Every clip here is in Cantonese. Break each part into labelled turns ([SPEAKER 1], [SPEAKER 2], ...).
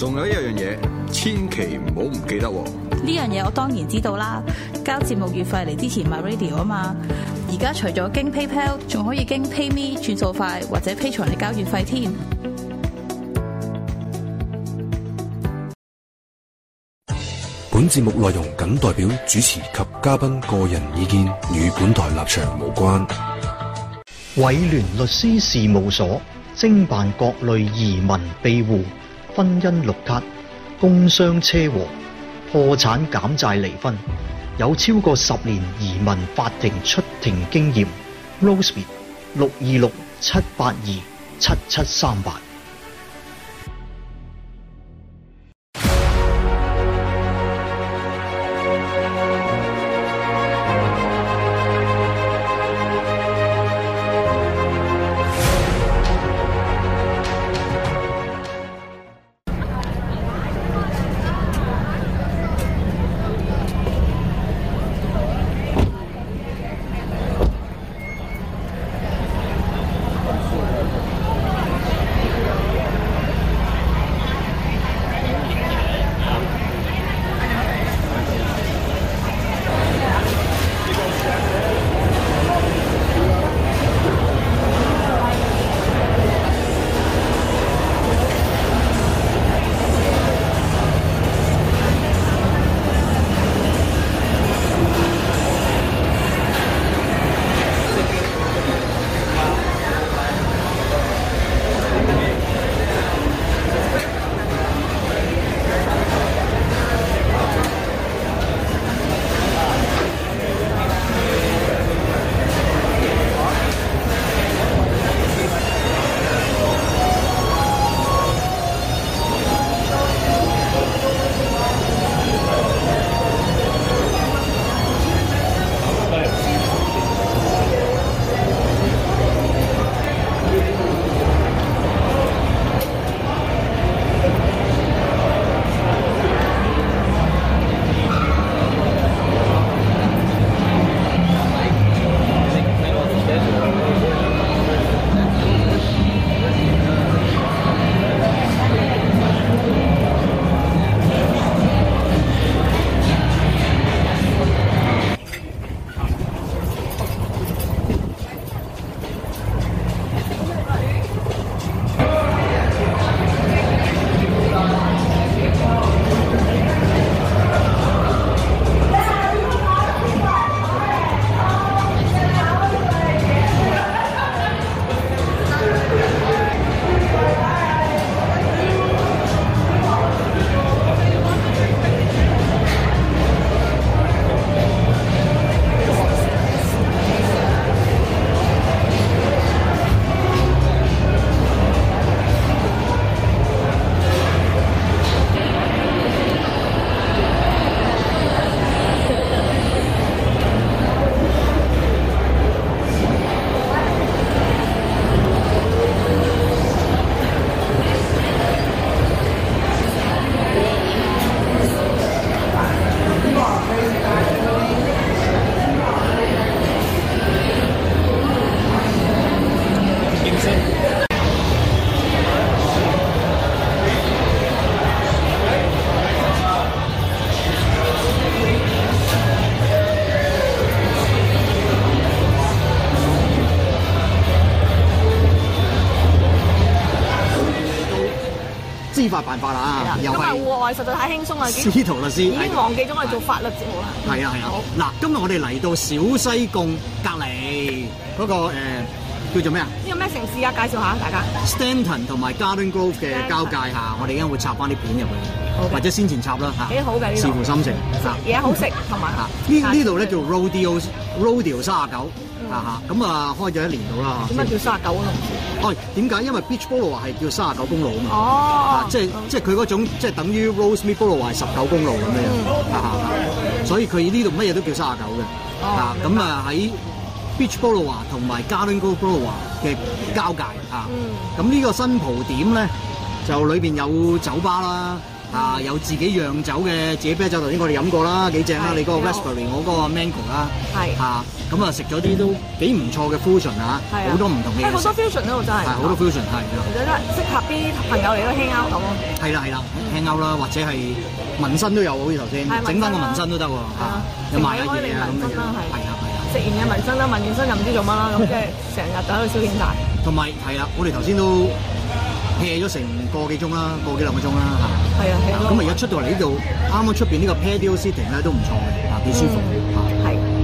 [SPEAKER 1] 仲有一樣嘢，千祈唔好唔記得喎！
[SPEAKER 2] 呢樣嘢我當然知道啦，交節目月費嚟支持 MyRadio 啊嘛！而家除咗經 PayPal，仲可以經 PayMe 轉數快，或者 Patreon 嚟交月費添。
[SPEAKER 3] 本節目內容僅代表主持及嘉賓個人意見，與本台立場無關。偉聯律師事務所，精辦各類移民庇護。婚姻、綠卡、工傷、車禍，破產減債、離婚，有超過十年移民法庭出庭經驗 Rosie 六二六七八二七七三八。辦法啦！因埋
[SPEAKER 2] 戶外實在太輕鬆啦！司徒律師已經忘記咗我哋做法律節目啦。係啊係啊！
[SPEAKER 3] 嗱，今日我哋嚟到小西貢隔離嗰個誒叫做咩啊？呢個咩城市啊？介紹下大
[SPEAKER 2] 家。
[SPEAKER 3] Stanton 同埋 Garden Grove 嘅交界下，我哋應該會插翻啲片入去，或者先前插啦嚇。幾好嘅，似乎心情。嘢好食同埋。呢呢度咧叫 Rodeo，Rodeo 39。啊咁啊，開咗一年度啦。點解叫三啊九公路？哦、哎，點解？因為 Beach Boulevard 係叫三啊九公路啊嘛。哦、啊。即係即係佢嗰種即係等於 Rosemead Boulevard 十九公路咁樣、嗯、啊哈。所以佢呢度乜嘢都叫三啊九嘅啊。咁白啊喺 Beach Boulevard 同埋 Garland Boulevard 嘅交界、嗯、啊。咁呢個新蒲點咧，就裏邊有酒吧啦。啊！有自己釀酒嘅自己啤酒，頭先我哋飲過啦，幾正啦！你嗰個 raspberry 我嗰個 mango 啦，嚇，咁啊食咗啲都幾唔錯嘅 fusion 啊，好多唔同嘅嘢，好多 fusion 嗰度真係，好多 fusion 係，其實都適合啲朋友
[SPEAKER 2] 嚟都度 hang out 咁咯，係
[SPEAKER 3] 啦係啦，hang out 啦，或者係紋身都有，好似頭先整翻個紋身都得喎，又買一件啊
[SPEAKER 2] 咁樣，係啊係啊，食完嘅紋身啦，紋完身又唔知做乜啦咁，即係成日喺度消遣大，
[SPEAKER 3] 同埋係啦，我哋頭先都。hea 咗成個幾鐘啦，個幾兩個鐘啦，啊咁啊，而家、啊啊、出到嚟呢度，啱啱出面呢個 patio sitting 咧都唔錯嘅，嚇幾舒服嚇。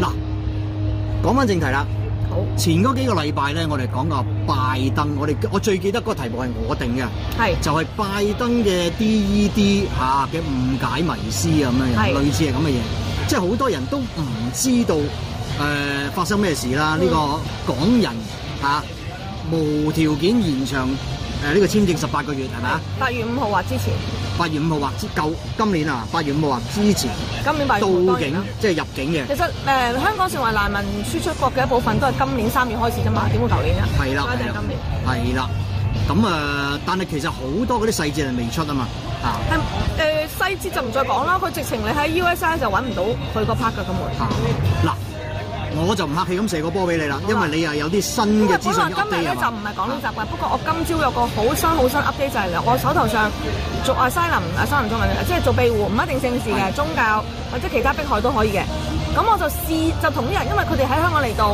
[SPEAKER 3] 嗱、嗯，講翻正題啦。好前嗰幾個禮拜咧，我哋講個拜登，我哋我最記得嗰個題目係我定嘅，係是就係拜登嘅 D E D 嘅、啊、誤解迷思咁樣，是類似係咁嘅嘢，即係好多人都唔知道誒、呃、發生咩事啦。呢、嗯、個港人吓、啊、無條件延長。誒，呢、呃這個簽證十八個月係咪啊？八
[SPEAKER 2] 月五號或之前。
[SPEAKER 3] 八月五號或之舊今年啊，八月五號之前。
[SPEAKER 2] 今年八月五號到境，
[SPEAKER 3] 即係入境嘅。其
[SPEAKER 2] 實誒、呃，香港成為難民輸出國嘅一部分，都係今年三月開始啫嘛，點的會舊年啊？係
[SPEAKER 3] 啦，係係啦，咁啊、呃，但係其實好多嗰啲細節係未出啊嘛，啊的。
[SPEAKER 2] 係誒、呃，細節就唔再講啦。佢直情你喺 USA 就揾唔到佢個 part 嘅咁嘅。嗱。
[SPEAKER 3] 我就唔客氣咁射個波俾你啦，的因為你又有啲新嘅資訊。本來今日咧就
[SPEAKER 2] 唔係講呢集習的，不過我今朝有個好新好新 update 係啦。我手頭上做阿西林、阿西林中文，即係做庇護，唔一定政治嘅宗教或者其他迫害都可以嘅。咁我就試就同啲人，因為佢哋喺香港嚟到，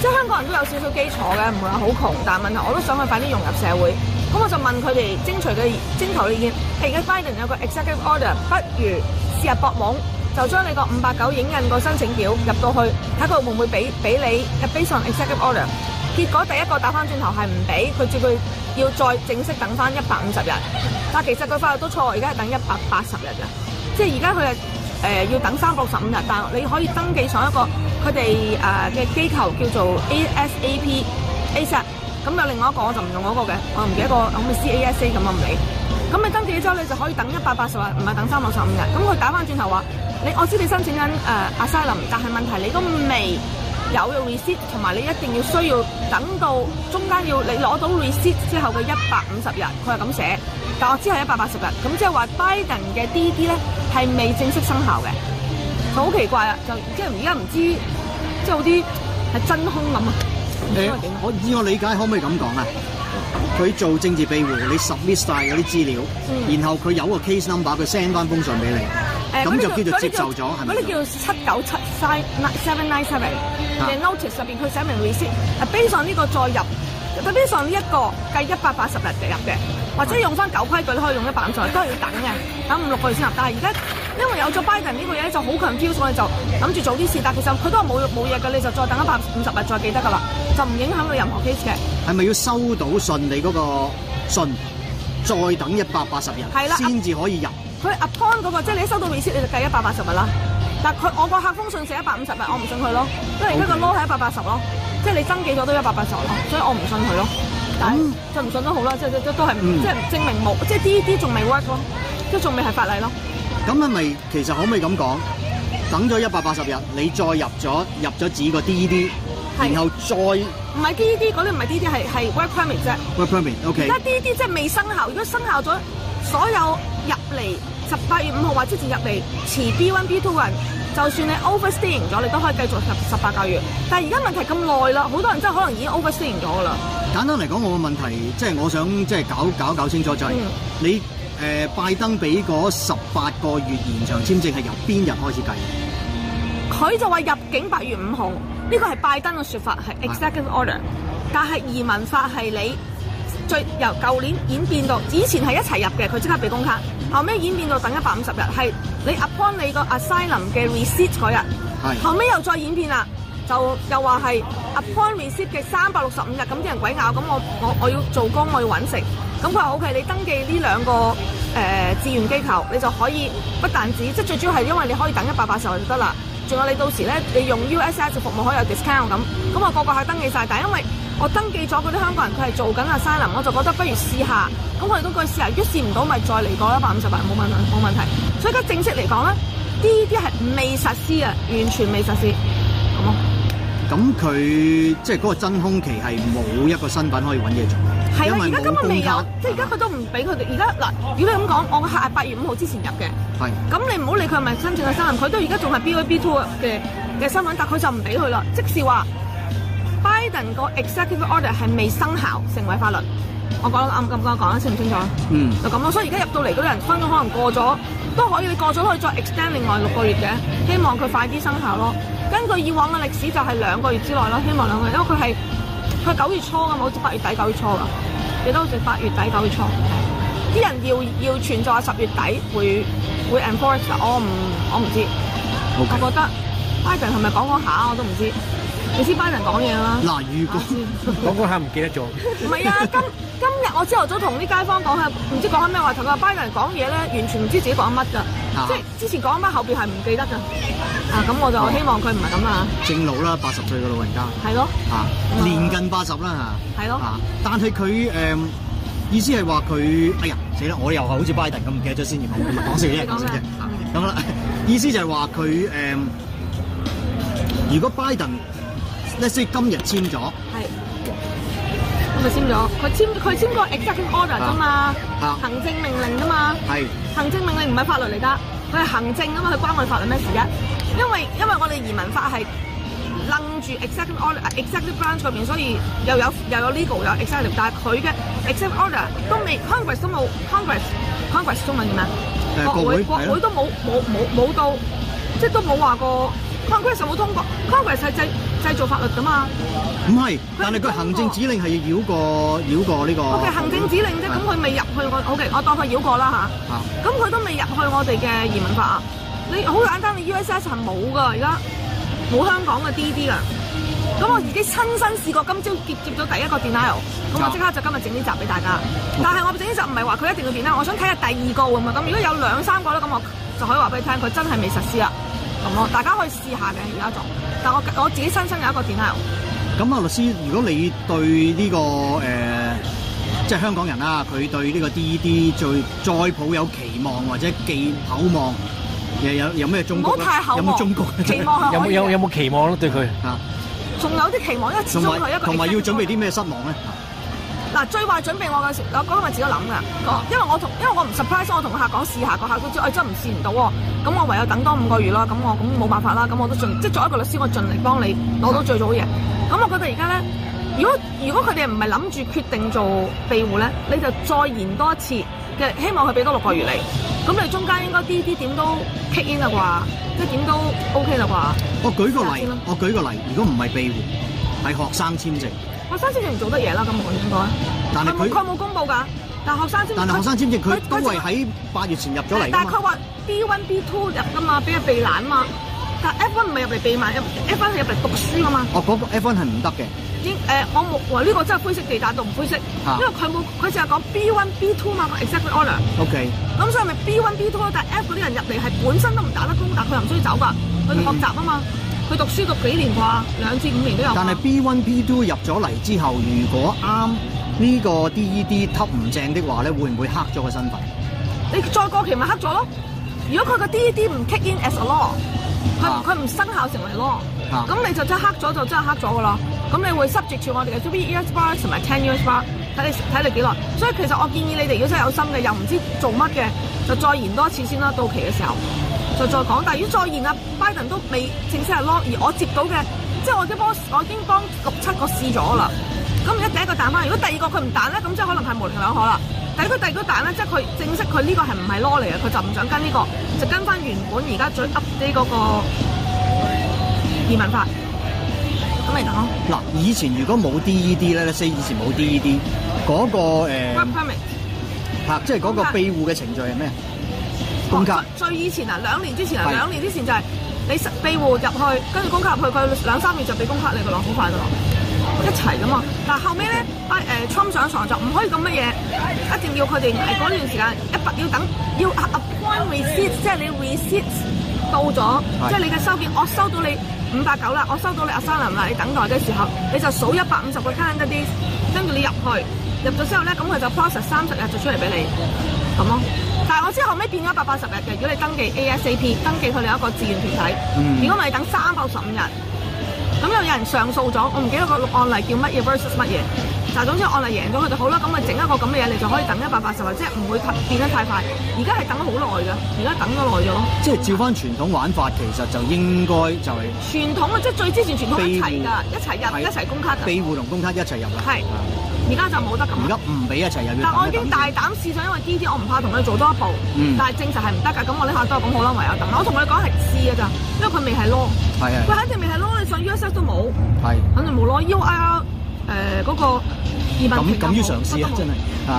[SPEAKER 2] 即係香港人都有少少基礎嘅，唔會話好窮。但係問題我都想佢快啲融入社會，咁我就問佢哋徵取嘅徵求意見。而家 Fighting 有個 Executive Order，不如試下搏懵。就將你個五百九影印個申請表入到去，睇佢會唔會俾俾你 based on executive order。結果第一個打翻轉頭係唔俾，佢叫佢要再正式等翻一百五十日。但其實佢法律都錯，而家係等一百八十日。即係而家佢係要等三百十五日，但你可以登記上一個佢哋嘅機構叫做 A S A P A s a p 咁有另外一個我就唔用嗰個嘅，我唔記得個咁，唔 CASA 咁我唔理。咁你登記咗之後，你就可以等一百八十日，唔係等三百六十五日。咁佢打翻轉頭話：你我知你申請緊誒阿西林，呃、ylum, 但係問題你都未有個 receipt，同埋你一定要需要等到中間要你攞到 receipt 之後嘅一百五十日，佢係咁寫。但我知係一百八十日，咁即係話拜登嘅 D D 咧係未正式生效嘅，好奇怪啊！就即係而家唔知，即係好啲係真空咁啊！
[SPEAKER 3] 你、欸、我以我理解可唔可以咁講啊？佢做政治庇護，你 submit 曬嗰啲資料，嗯、然後佢有個 case number，佢 send 翻封信俾你，
[SPEAKER 2] 咁、呃、就叫做接受咗，係咪？嗰啲叫七九七 seven nine seven，你 notice 上邊佢寫明 receipt，啊 base 上呢個再入，佢 base 上呢一個計一百八十日入嘅，一一一一啊、或者用翻舊規矩都可以用一百五都係要等嘅，等五六個月先入，但係而家。因為有咗 b i d e 登呢個嘢咧，就好強調，所以就諗住早啲試。但其實佢都係冇冇嘢嘅，你就再等一百五十日再記得噶啦，就唔影響佢任何 case 嘅。
[SPEAKER 3] 係咪要收到信？你嗰個信再等一百八十日，係啦，先至可以入。
[SPEAKER 2] 佢 upon 嗰個，即係你收到未 e 你就計一百八十日啦。但係佢我個客封信寫一百五十日，我唔信佢咯，因為一個 low 係一百八十咯，即係你增幾咗都一百八十咯，所以我唔信佢咯。但係信唔信都好啦，即係即係都係、嗯、即係證明冇，即係啲啲仲未 work 咯，即係仲未係法例咯。咁
[SPEAKER 3] 咪其實可唔可以咁講？等咗一百八十日，你再入咗入咗己個 D e D，是然後
[SPEAKER 2] 再唔係 D e D，嗰啲唔係 D D，係係 work permit 啫。
[SPEAKER 3] work permit，而家 permit ,、okay. D
[SPEAKER 2] D 即係未生效。如果生效咗，所有入嚟十八月五號或之前入嚟持 B one B two 嘅人，就算你 o v e r s t n g 咗，你都可以繼續十十八個月。但而家問題咁耐啦，好多人真係可能已經 o v e r s t n g 咗㗎啦。
[SPEAKER 3] 簡單嚟講，我個問題即係、就是、我想即係、就是、搞搞搞清楚就係、是嗯、你。誒，拜登俾嗰十八個月延長簽證係由邊日開始計？
[SPEAKER 2] 佢就話入境八月五號，呢個係拜登嘅說法係 executive order，是的但係移民法係你最由舊年演變到以前係一齊入嘅，佢即刻俾工卡，後尾演變到等一百五十日，係你 upon 你個 asylum 嘅 receipt 嗰日，的後尾又再演變啦，就又話係 upon receipt 嘅三百六十五日，咁啲人鬼咬，咁我我我要做工，我要揾食。咁佢話 OK，你登記呢兩個誒、呃、志願機構，你就可以不但止，即係最主要係因為你可以等一百八十日就得啦。仲有你到時咧，你用 USS 服務可以有 discount 咁。咁我個個係登記晒，但係因為我登記咗嗰啲香港人，佢係做緊 asylum，我就覺得不如試下。咁我哋嗰個試下，於試唔到咪再嚟過一百五十八，冇問題，冇問題。所以而家正式嚟講咧，呢啲係未實施啊，完全未實施，
[SPEAKER 3] 咁佢即係嗰個真空期係冇一個身份可以揾嘢做。
[SPEAKER 2] 係啊的，而家根本未有，的即係而家佢都唔俾佢哋。而家嗱，如果你咁講，我個客係八月五號之前入嘅，係的。咁你唔好理佢係咪真正嘅新聞，佢都而家仲係 B O B two 嘅嘅身份，但佢就唔俾佢啦。即使話 Biden 個 Executive Order 係未生效成為法律，我講得啱唔啱？我講得，清唔清楚？嗯。就咁咯，所以而家入到嚟嗰啲人，分公可能過咗都可以，你過咗可以再 extend 另外六個月嘅，希望佢快啲生效咯。根據以往嘅歷史，就係兩個月之內咯。希望兩個月，因為佢係佢係九月初㗎嘛，好似八月底九月初㗎。亦都好似八月底九月初。啲人要要存在十月底會會 enforce，我唔我唔知。Okay. 我覺得，Ivan 係咪講講下我都唔知。你知拜登
[SPEAKER 3] 講嘢啦？嗱，如果講嗰下唔記得咗，唔
[SPEAKER 2] 係啊！今今日我朝頭早同啲街坊講，佢唔知講緊咩話題。佢話拜登講嘢咧，完全唔知自己講乜㗎，啊、即係之前講乜後邊係唔記得㗎。啊，咁我就我希望佢唔係咁啊！
[SPEAKER 3] 正老啦，八十歲嘅老人家。係咯。啊，年近八十啦嚇。係咯。係咯啊，但係佢誒意思係話佢，哎呀，死啦！我又係好似拜登咁唔記得咗先，而我講少啲嘅，咁啦。意思就係話佢誒，如果拜登。咧，所以今日簽咗，係，
[SPEAKER 2] 今日簽咗？佢簽佢簽過 executive order 啫嘛，行政命令㗎嘛，係，行政命令唔係法律嚟㗎，佢係行政㗎嘛，佢關我哋法律咩事啫？因為因為我哋移民法係楞住 executive order、executive branch 上面，所以又有又有 legal 又有 executive，但係佢嘅 executive order 都未 congress 都冇 congress，congress 中文叫咩？國會國會都冇冇冇冇到，即係都冇話過。Congress 冇通過，Congress 係製製造法律噶嘛？
[SPEAKER 3] 唔係，但係佢行政指令係要繞過繞過呢個。佢係、okay, 行政指令啫，咁
[SPEAKER 2] 佢未入去過，okay，我當佢繞過啦吓，咁佢都未入去我哋嘅移民法啊！你好簡單，你 USS 係冇噶，而家冇香港嘅 D D 啊。咁我自己親身試過，今朝接接咗第一個 denial，咁我即刻就今日整呢集俾大家。但係我整呢集唔係話佢一定要 d e，我想睇下第二個會嘛。咁。如果有兩三個啦，咁我就可以話俾你聽，佢真係未實施啊。大家可以試下嘅而家仲，但我我自己親身有一個體驗。咁啊，
[SPEAKER 3] 律師，如果你對呢、這個誒，即、呃、係、就是、香港人啊，佢對呢個 DED 最再抱有期望或者寄厚望，又有有咩中國？唔好太厚望。有冇中國？期望有冇有有冇期望咯？對佢啊，
[SPEAKER 2] 仲有啲期望咧，始終係一個。同埋要
[SPEAKER 3] 準備啲咩失望咧？
[SPEAKER 2] 嗱，最壞準備我嘅，那個、我嗰陣咪自己諗嘅，因為我同因為我唔 surprise，我同個客講試下，個客佢、哎、真係唔試唔到喎，咁我唯有等多五個月咯，咁我咁冇辦法啦，咁我都盡即係作一個律師，我盡力幫你攞到最早嘅嘢。咁我覺得而家咧，如果如果佢哋唔係諗住決定做庇護咧，你就再延多一次嘅，希望佢俾多六個月你。咁你中間應該啲啲點都 kick in 啦啩，即係點都 OK 啦啩。
[SPEAKER 3] 我舉，我舉個例，我舉個例，如果唔係庇護，係學生簽證。
[SPEAKER 2] 學生簽證做得嘢啦，咁我應該。但係佢佢冇公布噶。但係學生，但係學生簽
[SPEAKER 3] 證佢都係喺八月前進來的 B 1, B 入咗嚟。
[SPEAKER 2] 但係佢話 B one B two 入噶嘛，俾人避難啊嘛。但係 F one 唔係入嚟避難，F one 係入嚟讀書啊嘛。
[SPEAKER 3] 哦，嗰、那個 F one 係唔得嘅。
[SPEAKER 2] 應、欸、我冇話呢個真係灰色地帶到唔灰色。灰色啊、因為佢冇，佢淨係講 B one B two 嘛，exactly order O K。咁 Okay. 所以咪 B one B two？但 F 啲人入嚟係本身都唔打得工，但佢又唔需要走㗎，佢學習啊嘛。嗯佢讀書讀幾年啩？兩至五年都有。但係
[SPEAKER 3] B One P Two 入咗嚟之後，如果啱呢、這個 D E D top 唔正的話咧，會唔會黑咗佢身份？
[SPEAKER 2] 你再過期咪黑咗咯？如果佢個 D E D 唔 kick in as a law，佢佢唔生效成為 law，咁、啊、你就真係黑咗就真係黑咗噶啦。咁你會 s u 住我哋嘅 two years bar 同埋 ten years bar，睇你睇你幾耐。所以其實我建議你哋如果真係有心嘅，又唔知做乜嘅，就再延多次先啦。到期嘅時候。就再講，但係如果再現啊，拜登都未正式係攞，而我接到嘅，即係我啲幫我已經幫六七個試咗啦。咁而家第一個彈翻，如果第二個佢唔彈咧，咁即係可能係無力兩可啦。但係佢第二個彈咧，即係佢正式佢呢個係唔係攞嚟嘅，佢就唔想跟呢、呢個，就跟翻原本而家最 update 嗰個移民法。咁
[SPEAKER 3] 嚟講，嗱，以前如果冇 DED 咧，即係以前冇 DED 嗰、嗰個誒，即係嗰個庇護嘅程序係咩？關公，
[SPEAKER 2] 所以以前啊，兩年之前啊，的兩年之前就係你庇護入去，跟住公卡入去，佢兩三月就俾公卡你，個落好快噶喇。一齊咁嘛，嗱，後尾咧，啊誒，特朗普上場就唔可以咁乜嘢，一定要佢哋嗰段時間一百要等，要 appoint receipt 即係你 receipt 到咗，的即係你嘅收件，我收到你五百九啦，我收到你阿三林啦，你等待嘅時候你就數一百五十個卡嗰啲，跟住你入去，入咗之後咧，咁佢就 process 三十日就出嚟俾你，好冇？但係我知後尾變咗一百八十日嘅，如果你登記 ASAP，登記佢哋一個志願團體。如果唔係等三百十五日，咁又有人上訴咗，我唔記得個案例叫乜嘢 versus 乜嘢。但係總之案例贏咗佢哋，好啦，咁咪整一個咁嘅嘢，你就可以等一百八十日，即係唔會急變得太快。而家係等咗好耐㗎，而家等咗耐咗。
[SPEAKER 3] 即係照翻傳統玩法，其實就應該就係
[SPEAKER 2] 傳統啊！即係最之前傳統一齊㗎護，一齊入一齊公卡。庇護
[SPEAKER 3] 同公卡一齊入啦。係。
[SPEAKER 2] 而家就冇得咁，而家
[SPEAKER 3] 唔俾一齊又，但我已經
[SPEAKER 2] 大膽試咗，因為啲啲我唔怕同佢做多一步。嗯。但係證實係唔得㗎，咁我呢下都係講好啦，唯有等。我同你講係試㗎咋，因為佢未係攞。係啊的。佢肯定未係攞，你上 USL 都冇。係的。肯定冇攞 u、I、r 誒、呃、嗰、那個。敢敢於嘗試啊！真係，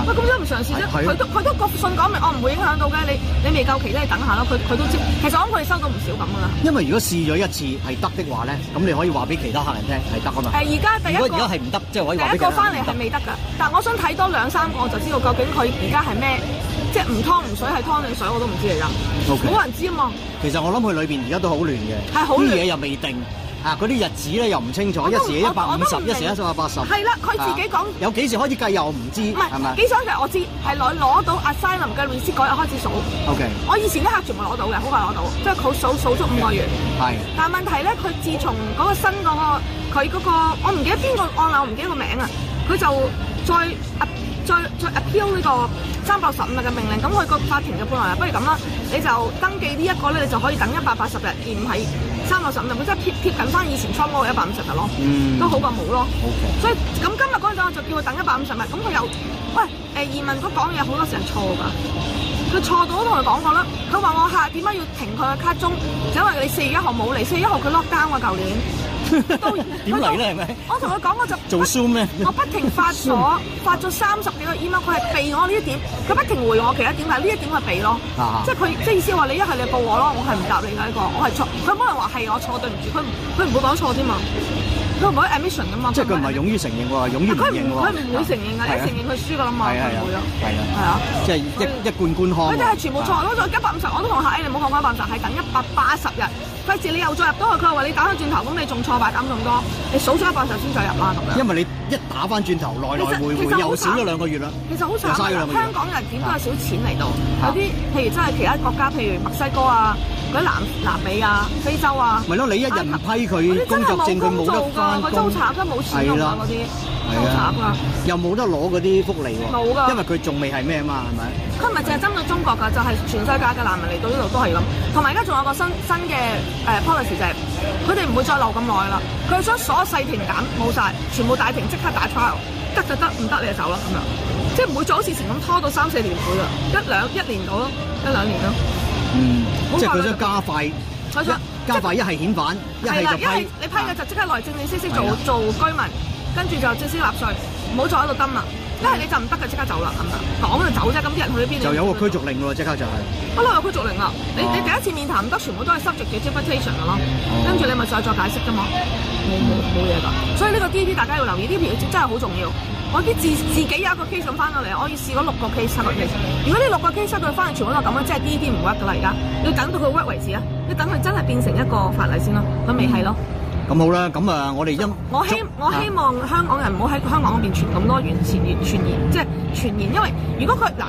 [SPEAKER 2] 喂，咁都唔嘗試啫，佢都佢都個信講明，我唔會影響到嘅。你你未夠期咧，等下咯。佢佢都知。其實我諗佢哋收到唔少咁噶啦。
[SPEAKER 3] 因為如果試咗一次係得的話咧，咁你可以話俾其他客人聽係得啊嘛。誒，而
[SPEAKER 2] 家第一個而家係唔得，即係可以翻嚟係未得嘅！但我想睇多兩三個，我就知道究竟佢而家係咩，即係唔湯唔水係湯定水我都唔知嚟㗎！冇人知啊嘛。
[SPEAKER 3] 其實我諗佢裏邊而家都好亂嘅，啲嘢又未定。嗱，嗰啲、啊、日子咧又唔清楚，一時一百五十，一時一百八十。係啦，佢自己講有幾時開始計又唔知，係咪是？幾吧
[SPEAKER 2] 多日我知，係攞攞到阿 s i 嘅律師嗰日開始數。O K。我以前啲客全部攞到嘅，好快攞到，即係佢數數足五個月。係。Okay. 但係問題咧，佢自從嗰個新嗰、那個，佢嗰個我唔記得邊個案，唔記得個名啊，佢就再再再啊 appeal 呢個三百十五日嘅命令，咁佢個法庭嘅判例啊，不如咁啦，你就登記呢、這、一個咧，你就可以等一百八十日，而唔係。三到十五日，佢真係貼貼緊翻以前初摩嘅一百五十日咯，嗯、都好過冇咯。Okay. 所以咁今日嗰陣，我就叫佢等一百五十日，咁佢又喂誒、呃，移民局講嘢好多時日錯㗎，佢錯到都同佢講過啦。佢話我下點解要停佢嘅卡鍾，就因為你四月一號冇嚟，四月一號佢落單㗎，舊年。點嚟咧？係咪？我同佢講，我就做 show 咩？我不停發咗發咗三十幾個 email，佢係避我呢一點，佢不停回我其他點，但係呢一點佢避咯。即係佢即係意思話你一係你報我咯，我係唔答你噶呢個，我係錯。佢冇人話係我錯，對唔住，佢唔佢唔會講錯添嘛？佢唔可以 admission 噶嘛？即係佢
[SPEAKER 3] 唔係勇於承認喎，勇於承認佢唔佢唔會承認噶，一承認
[SPEAKER 2] 佢輸噶啦嘛，佢唔會咯。係啊，係啊，即
[SPEAKER 3] 係一一貫官方。佢哋係全部錯都
[SPEAKER 2] 錯，一百五十我都同下，你唔好講返八十，係等一百八十日。費事你又再入多去！佢又話你打翻轉頭，咁你仲錯買咁咁多，你數咗一百先再入啦咁樣。
[SPEAKER 3] 因為你一打翻轉頭，來來回回又少咗兩個月啦。其
[SPEAKER 2] 實好慘，香港人點都有少錢嚟到，的有啲譬如真係其他國家，譬如墨西哥啊。喺南南美啊，非洲啊，
[SPEAKER 3] 咪咯，你一日唔批佢工作證，佢冇、哎、做翻，佢都慘，了都冇錢咯，
[SPEAKER 2] 嗰啲了，那些慘啊，
[SPEAKER 3] 又冇得攞嗰啲福利喎，冇噶，因為佢仲未係咩嘛，係咪？
[SPEAKER 2] 佢唔係淨係針對中國㗎，就係、是、全世界嘅難民嚟到呢度都係咁。同埋而家仲有一個新新嘅誒 policy 就係，佢哋唔會再留咁耐啦。佢係將所有細庭減冇晒，全部大庭即刻打出 r 得就得，唔得你就走啦咁樣。即係唔會做好事情咁拖到三四年半，一兩一年到咯，一兩年咯。嗯，快即係佢想加快，佢
[SPEAKER 3] 想的加快的一係的遣返，一係的的就批。
[SPEAKER 2] 係你批嘅就即刻來正正式式做的做居民，跟住就正式納稅。唔好再喺度登啦！一係你就唔得嘅，即刻走啦咁啊！講就走啫，咁啲人去咗邊？就有個
[SPEAKER 3] 驅逐令咯，即刻就
[SPEAKER 2] 係。啊，有驅逐令啦！你你第一次面談唔得，全部都係收集嘅 information 咯。跟住、啊、你咪再再解釋啫嘛。冇冇嘢噶。所以呢個 D P 大家要留意的，D P、呢個、真係好重要。我已經自自己一個 case 翻過嚟，我已試過六個 case，七個 case。如果呢六個 case 佢翻嚟，全部都係咁啊，即係 D P 唔屈噶啦！而家要等到佢屈為止啊！要等佢真係變成一個法例先咯，都未係咯。
[SPEAKER 3] 咁好啦，咁啊，我哋一
[SPEAKER 2] 我希捉我希望香港人唔好喺香港嗰邊傳咁多言傳言傳言，即係傳言，因為如果佢嗱，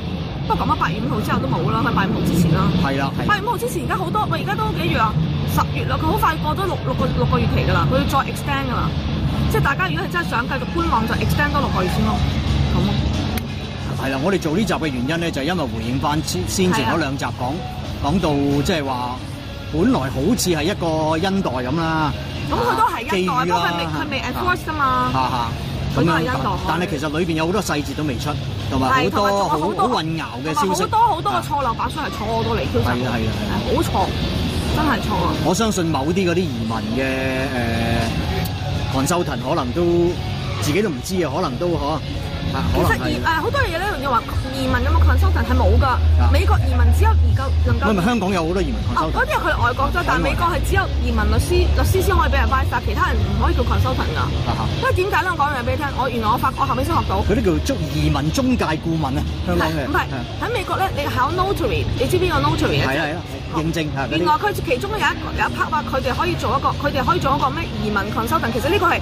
[SPEAKER 2] 不過講咗八月五號之後都冇啦，喺八月五號之前啦。係啦，八月五號之前，而家好多咪而家都幾月啊？十月啦，佢好快過咗六六個六個月期噶啦，佢要再 extend 噶，即係大家如果係真係想繼續觀望，就 extend 多六個月先咯。咁
[SPEAKER 3] 啊，係啦，我哋做呢集嘅原因咧，就係因為回應翻先前嗰兩集講講的到即係話，本來好似係一個恩待咁啦。咁佢都係一代，佢未佢未 approve 啊嘛。嚇嚇，咁啊，但係其實裏邊有好多細節都未出，同埋好多好好混淆
[SPEAKER 2] 嘅消息。好多好多嘅錯漏百出，係錯到離譜，
[SPEAKER 3] 係係係，好
[SPEAKER 2] 錯，真係錯。
[SPEAKER 3] 我相信某啲嗰啲移民嘅誒韓秀騰可能都自己都唔知啊，可能都呵。其實移誒
[SPEAKER 2] 好多嘢咧，你要話移民有冇 consultant 係冇噶。美國移民只有移夠能夠。香港有
[SPEAKER 3] 好多移民 consultant。嗰啲
[SPEAKER 2] 係佢外國啫，但係美國係只有移民律師律師先可以俾人 advice，其他人唔可以叫 consultant 噶。不過。因為點解咧？我講樣嘢俾你聽。我原來我發覺我後尾先學到。佢呢
[SPEAKER 3] 叫做中移民中介顧問啊，香港嘅。唔係
[SPEAKER 2] 喺美國咧，你考 notary，你知邊個 notary 啊？係啊
[SPEAKER 3] 係啊，認證。另外
[SPEAKER 2] 佢其中有一有一 part 話，佢哋可以做一個，佢哋可以做一個咩移民 consultant。其實呢個係。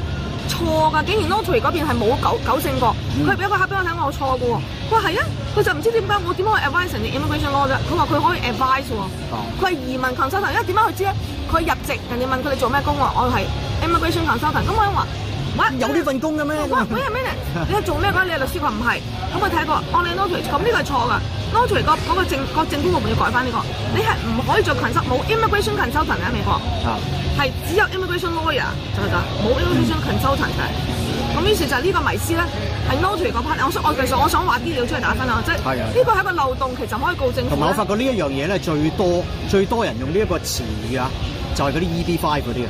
[SPEAKER 2] 錯㗎，竟然 notary 嗰邊係冇九九勝過，佢俾、嗯、個客俾我睇，我錯㗎喎。佢話，係啊，佢就唔知點解我點樣去 advise 成啲 immigration law 啫。佢話佢可以 advi、哦、se 喎、哦，佢係移民 consultant，因為點解佢知咧？佢入籍，人哋問佢哋做咩工啊？我係 immigration consultant，咁我話。喂，嗯、有呢份工嘅咩？喂、嗯，你係做咩嘅？你係律師，佢唔係。咁我睇過，按你 note，咁呢個係錯噶。notary 嗰個政、嗰個政府部門要改翻、這、呢個？你係唔可以做 consultant，冇 immigration consultant 喺美國。係、啊、只有 immigration lawyer 就係咁，冇 immigration consultant 就係。咁、嗯、於是就呢個迷思咧，係 notary 個 part。我想我想話啲料出嚟打分啊，嗯、即係呢個係一個漏洞，其實可以告政府。同埋我發
[SPEAKER 3] 覺呢一樣嘢咧，最多最多人用呢一個詞語啊，就係嗰啲 EB five 嗰
[SPEAKER 2] 啲嘅。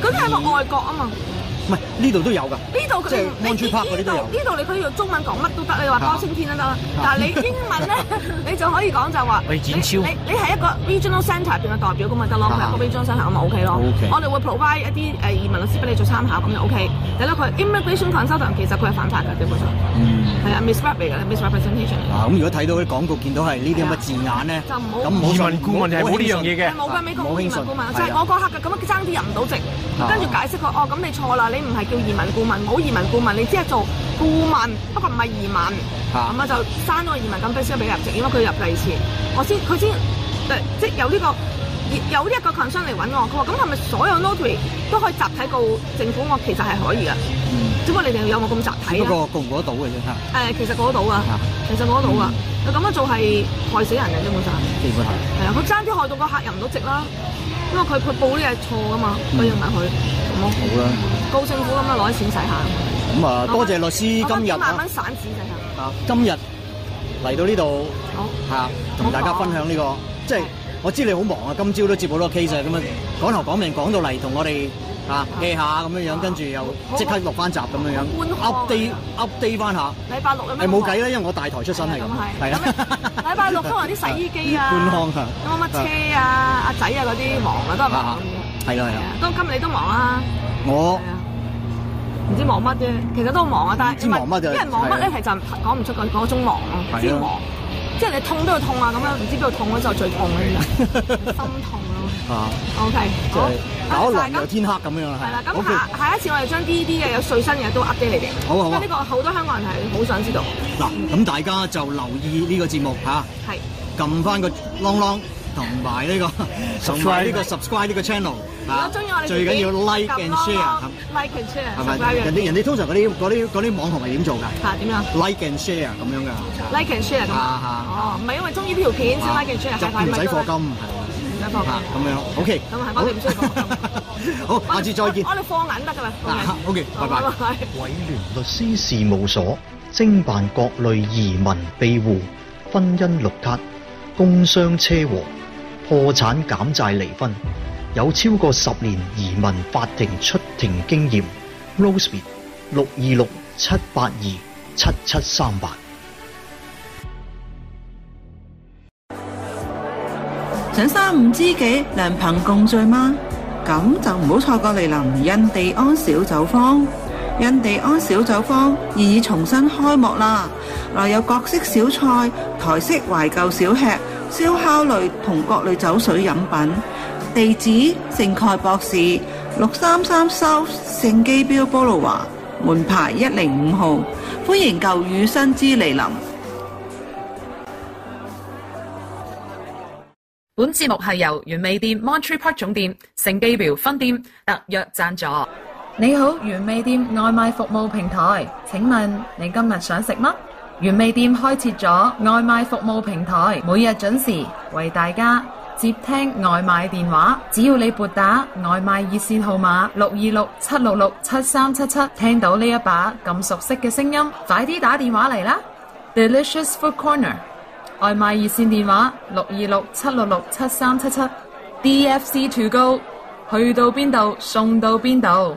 [SPEAKER 2] 誒，啲係個外國啊嘛。
[SPEAKER 3] 呢度都有㗎。呢
[SPEAKER 2] 度佢，呢呢度呢度你可以用中文講乜都得，你話包青天都得啦。但係你英文咧，你就可以講就話你自超。你你係一個 Regional Centre 入面嘅代表咁咪得咯，佢係個 Regional Centre 咁咪 OK 咯。我哋會 provide 一啲誒移民律師俾你做參考，咁就 OK。有得佢 Immigration Consultant 其實佢係反派嘅，基本上，係啊，Misrepresent Misrepresentation。
[SPEAKER 3] 嗱咁如果睇到啲廣告見到係呢啲咁嘅字眼咧，就唔好，移民顧問係冇呢樣嘢嘅，冇嘅，美國冇移民顧問。就
[SPEAKER 2] 係我個客咁樣爭啲入唔到席。跟住解釋佢哦，咁你錯啦，你。唔係叫移民顧問，冇移民顧問。你只係做顧問，不過唔係移民。咁啊，就刪咗個移民咁不需要俾入籍，因為佢入嚟前，我先佢先，即係有呢個。有呢一個 concern 嚟揾我，佢話：咁係咪所有 notary 都可以集體告政府？我其實係可以噶，只不過你哋有冇咁集體？嗰個
[SPEAKER 3] 告唔告得到嘅？
[SPEAKER 2] 誒，其實告得到噶，其實告得到噶。你咁樣做係害死人嘅，都冇曬。自然會係。係啊，佢爭啲害到個客人唔到席啦，因為佢佢報呢嘢錯噶嘛，佢用埋佢。咁好啦。告政府咁樣攞啲錢使下。
[SPEAKER 3] 咁啊，多謝律師今日啊。幾萬蚊散紙今日嚟到呢度嚇，同大家分享呢個即係我知你好忙啊，今朝都接好多 case 啊，咁啊講頭講尾講到嚟，同我哋啊記下咁樣樣，跟住又即刻錄翻集咁樣樣，update update 翻下。
[SPEAKER 2] 禮拜六你冇計
[SPEAKER 3] 啦，因為我大台出身嚟咁係。係啊。禮
[SPEAKER 2] 拜六出埋啲洗衣機啊。觀控啊，乜乜車啊，阿仔啊嗰啲忙啊都係嘛？係啊係啊。都今日你都忙啦。我。係啊。唔知忙乜啫，其實都忙啊，但係。知忙乜就因為忙乜咧其實就講唔出個嗰種忙咯。係即係你痛都要痛啊！咁樣唔知邊度痛我就最痛，痛 okay，
[SPEAKER 3] 啊！心痛咯～啊，OK，好，搞到狼又天黑咁樣啦，
[SPEAKER 2] 係啦、啊。咁、啊 okay、下下一次我哋將呢啲嘅有最新嘅都 update 你哋。好好。因為呢個好多香港人係好想
[SPEAKER 3] 知道。嗱、嗯，咁大家就留意呢個節目嚇。係、啊。撳翻個朗朗，同埋呢個同埋呢個 subscribe 呢個 channel。我中意我哋最緊要 like and
[SPEAKER 2] share，like and share，係咪？人哋人哋
[SPEAKER 3] 通常嗰啲嗰啲嗰啲網紅係點做㗎？啊，點樣？like and share 咁樣㗎
[SPEAKER 2] ，like and share，哦，唔係因為中意呢條片先 like and share，唔
[SPEAKER 3] 使課金，係，唔使課金，
[SPEAKER 2] 咁樣，OK，好，下次再見，我哋課銀得㗎啦，好嘅，拜拜。
[SPEAKER 3] 偉聯律師事務所精辦各類移民庇護、婚姻綠卡、工傷車禍、破產減債、離婚。有超過十年移民法庭出庭經驗，r o s m e 六二六七八二七七三八。
[SPEAKER 2] 想三五知己良朋共聚嗎？咁就唔好錯過嚟臨印地安小酒坊。印地安小酒坊現已重新開幕啦！內有各式小菜、台式懷舊小吃、燒烤類同各類酒水飲品。地址：盛蓋博士六三三 South 盛基標波羅華門牌一零五號，歡迎舊雨新知嚟臨。本節目係由原味店 Monterey Park 總店、盛基標分店特約贊助。你好，原味店外賣服務平台，請問你今日想食乜？原味店開設咗外賣服務平台，每日準時為大家，接聽外賣電話，只要你撥打外賣熱線號碼六二六七六六七三七七，7 7，聽到呢一把咁熟悉嘅聲音，快啲打電話嚟啦！Delicious Food Corner 外賣熱線電話六二六七六六七三七七，D F C to go，去到邊度送到邊度。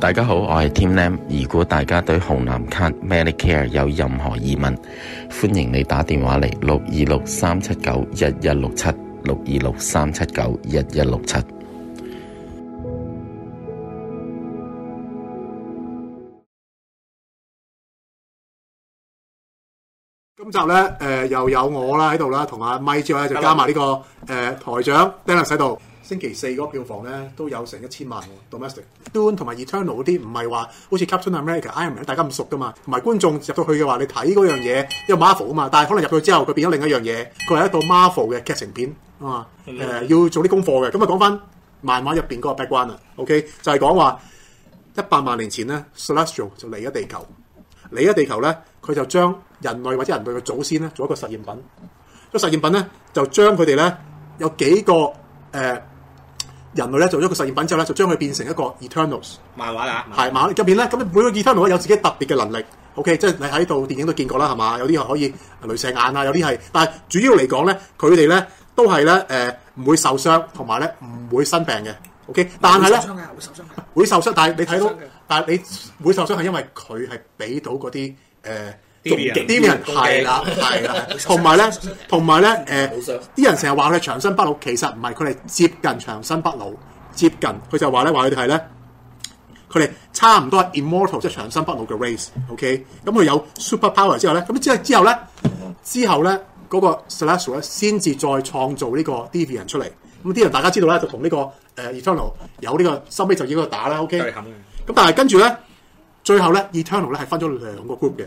[SPEAKER 4] 大家好，我係 Tim Lam。如果大家對紅藍卡 Medicare 有任何疑問，歡迎你打電話嚟六二六三七九一一六七六二六三七九一一六七。
[SPEAKER 3] 67，今集呢，誒、呃、又有我啦喺度啦，同
[SPEAKER 5] 阿 Mike 之外就加埋呢、呢個誒 Hello.、呃、台長 Dennis 喺度。星期四嗰個票房咧都有成一千萬喎，domestic。Dune 同埋 Eternal 嗰啲唔係話好似 Captain America、Iron Man 大家唔熟噶嘛，同埋觀眾入到去嘅話，你睇嗰樣嘢因為 Marvel 啊嘛，但係可能入到之後佢變咗另一樣嘢，佢係一套 Marvel 嘅劇情片啊，誒的、呃、要做啲功課嘅。咁啊講翻漫畫入面嗰個 background 啦，OK 就係講話一百萬年前咧，Celestial 就嚟咗地球，嚟咗地球咧佢就將人類或者人類嘅祖先咧做一個實驗品，個實驗品咧就將佢哋咧有幾個誒。呃人類咧做咗個實驗品之後咧，就將佢變成一個 Eternals 漫畫啊！係漫畫入邊咧，咁每個 Eternals 有自己特別嘅能力。OK，即係你喺度電影都見過啦，係嘛？有啲係可以雷射眼啊，有啲係，但係主要嚟講咧，佢哋咧都係咧誒唔會受傷同埋咧唔會生病嘅。OK，但係咧會受傷嘅，但係會受傷。但係你睇到，但係你會受傷係因為佢係俾到嗰啲誒。呃啲人係啦，係啦，同埋咧，同埋咧，誒，啲人成日話佢長生不老，其實唔係佢哋接近長生不老，接近佢就話咧，話佢哋係咧，佢哋差唔多係 immortal，即係長生不老嘅 race，OK，okay？咁、嗯、佢有 super power 之後咧，咁之後之後咧，之後咧嗰、那個 Celestial 咧，先至再創造呢個 diver 人出嚟。咁啲人大家知道咧，就同呢、這個誒、呃、Eternal 有，這個有個 okay? 嗯、呢個收尾就已經喺度打啦，OK。咁但係跟住咧，最後咧，Eternal 咧係分咗兩個 group 嘅。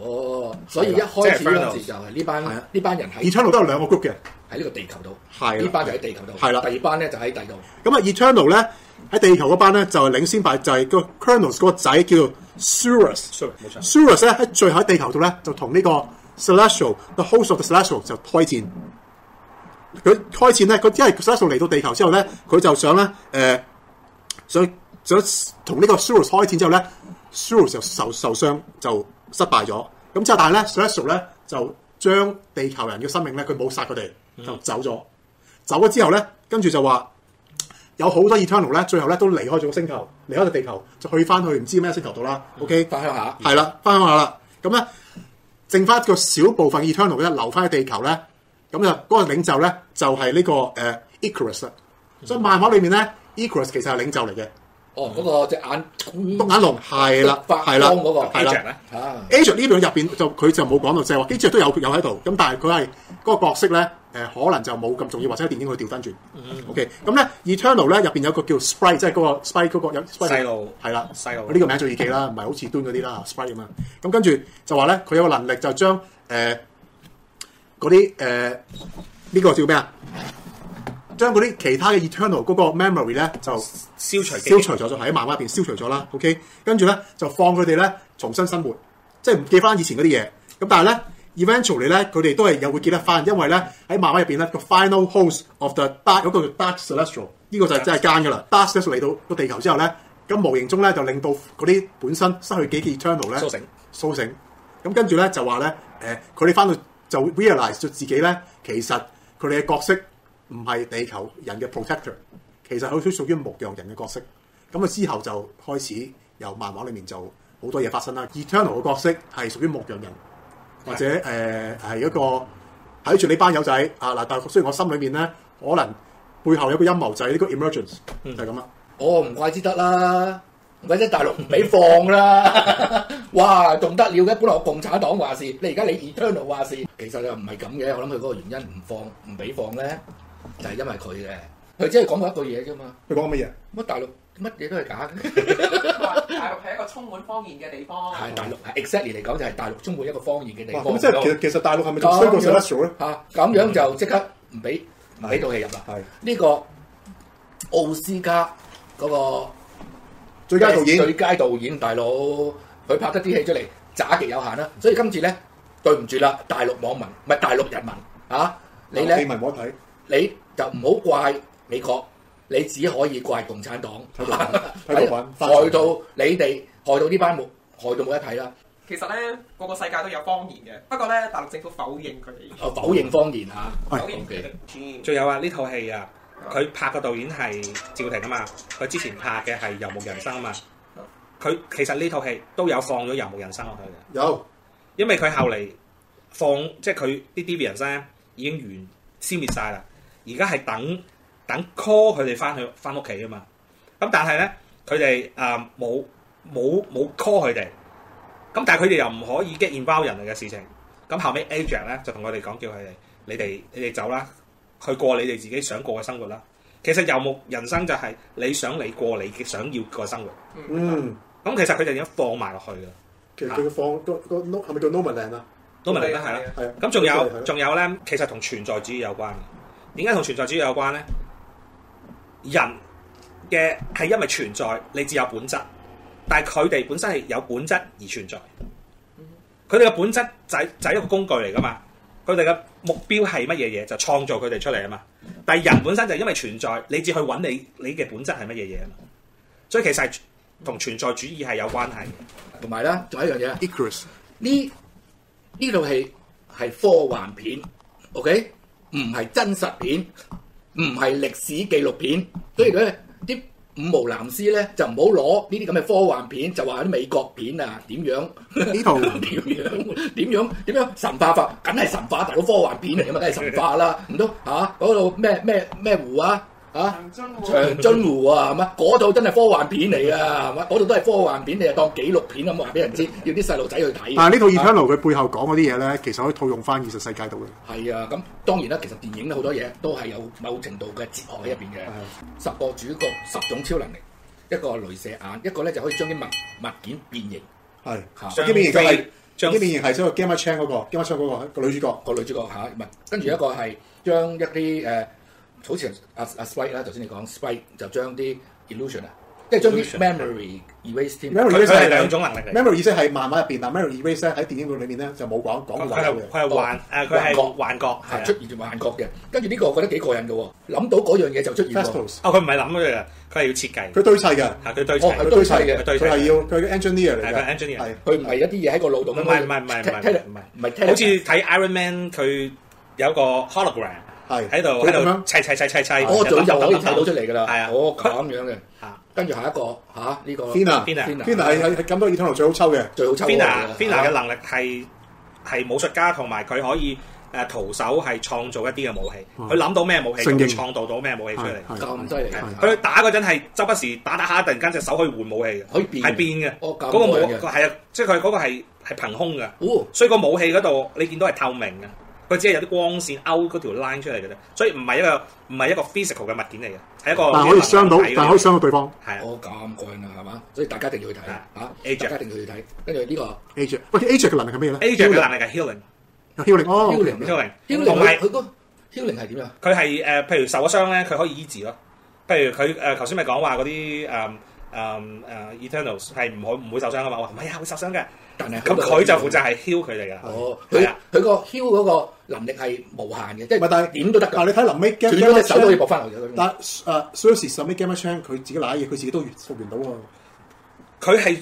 [SPEAKER 4] 哦，所以一開始嗰陣時就係呢班呢班人喺。Eternal 都有兩個 group 嘅，喺呢個地球度。係，呢班就喺地球度。係啦，第二
[SPEAKER 5] 班咧就喺第二度。咁啊，Eternal 咧喺地球嗰班咧就係領先派，就係個 Cronos 嗰個仔叫 Suras。Suras 冇錯。Suras 咧喺最後喺地球度咧就同呢個 Celestial，the host of the Celestial 就開戰。佢開戰咧，佢因為 Celestial 嚟到地球之後咧，佢就想咧，誒，所以想同呢個 Suras 開戰之後咧，Suras 就受受傷就。失敗咗，咁之後但係咧，Shallish 咧就將地球人嘅生命咧，佢冇殺佢哋，就走咗。走咗之後咧，跟住就話有好多 Eternal 咧，最後咧都離開咗個星球，離開咗地球，就去翻去唔知咩星球度啦。嗯、O.K. 翻鄉下，係啦、嗯，翻鄉下啦。咁咧剩翻一個小部分 Eternal 咧留翻喺地球咧，咁就嗰、那個領袖咧就係、是、呢、這個誒 Ikaris。Uh, us, 嗯、所以漫畫裏面咧，Ikaris 其實係領袖嚟嘅。哦，嗰個隻眼獨眼龍係啦，係啦，講嗰
[SPEAKER 4] 個
[SPEAKER 5] agent 咧 agent 呢兩入邊就佢就冇講到，即係話 agent 都有有喺度，咁但係佢係嗰個角色咧，誒可能就冇咁重要，或者喺電影佢調翻轉。OK 咁咧，Eternals 咧入邊有個叫 Sprite，即係嗰個 Sprite 嗰個有細路，係啦，細路。呢個名做耳記啦，唔係好似 Dune 嗰啲啦，Sprite 咁嘛。咁跟住就話咧，佢有個能力就將誒嗰啲誒呢個叫咩啊？將嗰啲其他嘅 eternal 嗰個 memory 咧，就消除消除咗，就喺漫畫入邊消除咗啦。OK，跟住咧就放佢哋咧重新生活，即係唔記翻以前嗰啲嘢。咁但係咧，eventually 咧，佢哋都係又會記得翻，因為咧喺漫畫入邊咧個 final host of the dark 嗰個 dark celestial，呢個就真係奸㗎啦。dark celestial 嚟到個地球之後咧，咁無形中咧就令到嗰啲本身失去幾個 eternal 咧，甦醒，甦醒，甦醒。咁跟住咧就話咧，誒佢哋翻到就 realize 咗自己咧，其實佢哋嘅角色。唔係地球人嘅 protector，其實佢都屬於牧羊人嘅角色。咁啊之後就開始由漫畫裏面就好多嘢發生啦。Eternal 嘅角色係屬於牧羊人，是的或者誒係、呃、一個睇住你班友仔啊！嗱，但雖然我心裏面咧，可能背後有個
[SPEAKER 4] 陰謀就係、是、呢個 emergence，、嗯、就係咁啦。哦，唔怪之得啦，或者大陸唔俾放啦。 哇，仲得了嘅，本來我共產黨話事，你而家你 Eternal 話事，其實又唔係咁嘅。我諗佢嗰個原因唔放，唔俾放咧。就係因為佢嘅，佢只係講過一個嘢啫嘛。佢講乜嘢？乜大陸乜嘢都係假嘅。大陸係一個充滿方言嘅地方。係大陸，exactly 嚟講就係大陸充滿一個方言嘅地方。即係其實其實大
[SPEAKER 5] 陸係咪最 special 咧？
[SPEAKER 4] 嚇，咁樣就即刻唔俾唔俾套戲入啦。係呢個奧斯卡嗰個最佳導演，最佳導演大佬，佢拍得啲戲出嚟，詐極有限啦。所以今次咧，對唔住啦，大陸網民，唔係大陸人民，嚇你咧，你唔好睇你。就唔好怪美國，你只可以怪共產黨 反， 害到你哋，害到呢班冇，害到冇得睇啦。
[SPEAKER 1] 其實咧，個個世界都有方言嘅，不過咧，大陸政府否認佢哋。哦，否認
[SPEAKER 4] 方言嚇、啊，係是。記仲 Okay 有啊，呢套戲啊，佢
[SPEAKER 1] 拍嘅導演係趙婷啊嘛，佢之前拍嘅係《游牧人生》啊嘛，佢其實呢套戲都有放咗《游牧人生》落去嘅。有。因為佢後嚟放，即係佢啲 Deviants 已經完消滅晒啦。而家係等等 call 佢哋翻去翻屋企啊嘛，咁但係咧佢哋啊冇冇冇 call 佢哋，咁但係佢哋又唔可以 get involved 人哋嘅事情，咁後尾 agent 咧就同我哋講，叫佢哋你哋你哋走啦，去過你哋自己想過嘅生活啦。其實遊牧人生就係你想你過你嘅想要嘅生活。嗯，咁其實佢就已經放埋落去啦。其實佢
[SPEAKER 5] 嘅放個個 no 係咪叫 Nomadland 啊？Nomadland 係啦，係啊。
[SPEAKER 1] 咁仲有仲有咧，其實同存在主義有關。點解同存在主義有關咧？人嘅係因為存在，你至有本質，但係佢哋本身係有本質而存在的。佢哋嘅本質就是、就是、一個工具嚟噶嘛。佢哋嘅目標係乜嘢嘢？就創造佢哋出嚟啊嘛。但係人本身就因為存在，找你至去揾你你嘅本質係乜嘢嘢啊嘛。所以其實係同存在主義係有
[SPEAKER 4] 關係。同埋咧，仲有一樣嘢，Eternals，呢呢套戲係科幻片，OK。唔係真實片，唔係歷史紀錄片，所以咧啲五毛藍絲咧就唔好攞呢啲咁嘅科幻片，就話啲美國片啊點樣呢套點樣點樣點樣神化法，梗係神化，大佬科幻片嚟噶嘛，梗係神化啦，唔通嚇嗰度咩咩咩湖啊？啊！長津湖啊，係嘛？嗰度真係科幻片嚟啊。係嘛？嗰度都係科幻片，你當紀錄片咁話俾人知，要啲細路仔去睇。但呢套《二想流》
[SPEAKER 5] 佢背後講嗰啲嘢咧，其實可以套用翻
[SPEAKER 4] 現實世界度嘅。係啊，咁當然啦，其實電影咧好多嘢都係有某程度嘅哲學喺入邊嘅。十個主角，十種超能力，一個雷射眼，一個咧就可以將啲物物件變形。係。變形就係變形，就係將《Game of Thrones》嗰個《Game of Thrones》嗰個個女主角，個女主角嚇，唔跟住一個係將一啲誒。好似阿阿 Sprite 啦，頭先你講 Sprite 就將啲 illusion 啊，即係將啲 memory erase。memory erase 係兩種能力嚟。memory 意思係漫畫入邊，但 memory erase 喺電影裏面咧就冇講，講佢係幻，誒佢係幻覺，係出現幻覺嘅。跟住呢個我覺得幾過癮嘅喎，諗到嗰樣嘢就出現。哦，佢唔係諗嗰樣嘢，佢係要設計，佢
[SPEAKER 5] 堆砌嘅，係佢堆砌。哦，係堆砌嘅，佢係要
[SPEAKER 4] 佢嘅 engineer 嚟。係佢 engineer，佢唔係一啲嘢喺個腦度。唔係唔係
[SPEAKER 1] 唔係唔係，唔係。好似睇 Iron Man 佢有一個 hologram。係喺度，喺度砌砌砌砌砌，我做到出嚟
[SPEAKER 4] 噶啦。係啊，我咁樣嘅。吓，跟住下一個吓呢個。f 啊？o 啊？a 啊？i 係咁
[SPEAKER 5] 多演員，最好抽嘅，最好抽。f 啊？o n 嘅能
[SPEAKER 4] 力係係武術家，同埋佢可
[SPEAKER 1] 以誒徒手係創造一啲嘅武器。佢諗到咩武器，佢創造到咩武器出嚟。咁犀利！佢打嗰陣係周不時打打下，突然間隻手可以換武器嘅，可以變嘅。
[SPEAKER 3] 哦，咁嗰個武，係
[SPEAKER 1] 啊，即係佢嗰個係係憑空嘅。所以個武器嗰度你見到係透明嘅。佢只係有啲光線勾嗰條 line 出嚟嘅啫，所以唔係一個唔係一個 physical 嘅物件嚟嘅，
[SPEAKER 4] 係一個。但係可以傷到，但係可以傷到對方。係我咁講啊，係嘛？所以大家一定要去睇啊！agent 一定要去睇，跟住呢個 agent。喂，agent 嘅能力係咩咧？agent 嘅能力係 healing。healing 哦，healing healing 同埋佢個 healing 係點樣？
[SPEAKER 1] 佢係誒，譬如受咗傷咧，佢可以醫治咯。譬如佢誒，頭先咪講話嗰啲誒。誒誒、um, uh,，Eternals 係唔可唔會受傷噶嘛我說？話唔係啊，會受傷嘅。但係咁佢就負責係 heal 佢哋噶。哦，係啊，
[SPEAKER 4] 佢個 heal 嗰個能力係無限嘅，即係唔係但係點都得噶。但你睇臨尾 game game
[SPEAKER 5] 要博翻嚟但誒 s a c y m e c 佢自己瀨嘢，佢自己都復唔到。佢係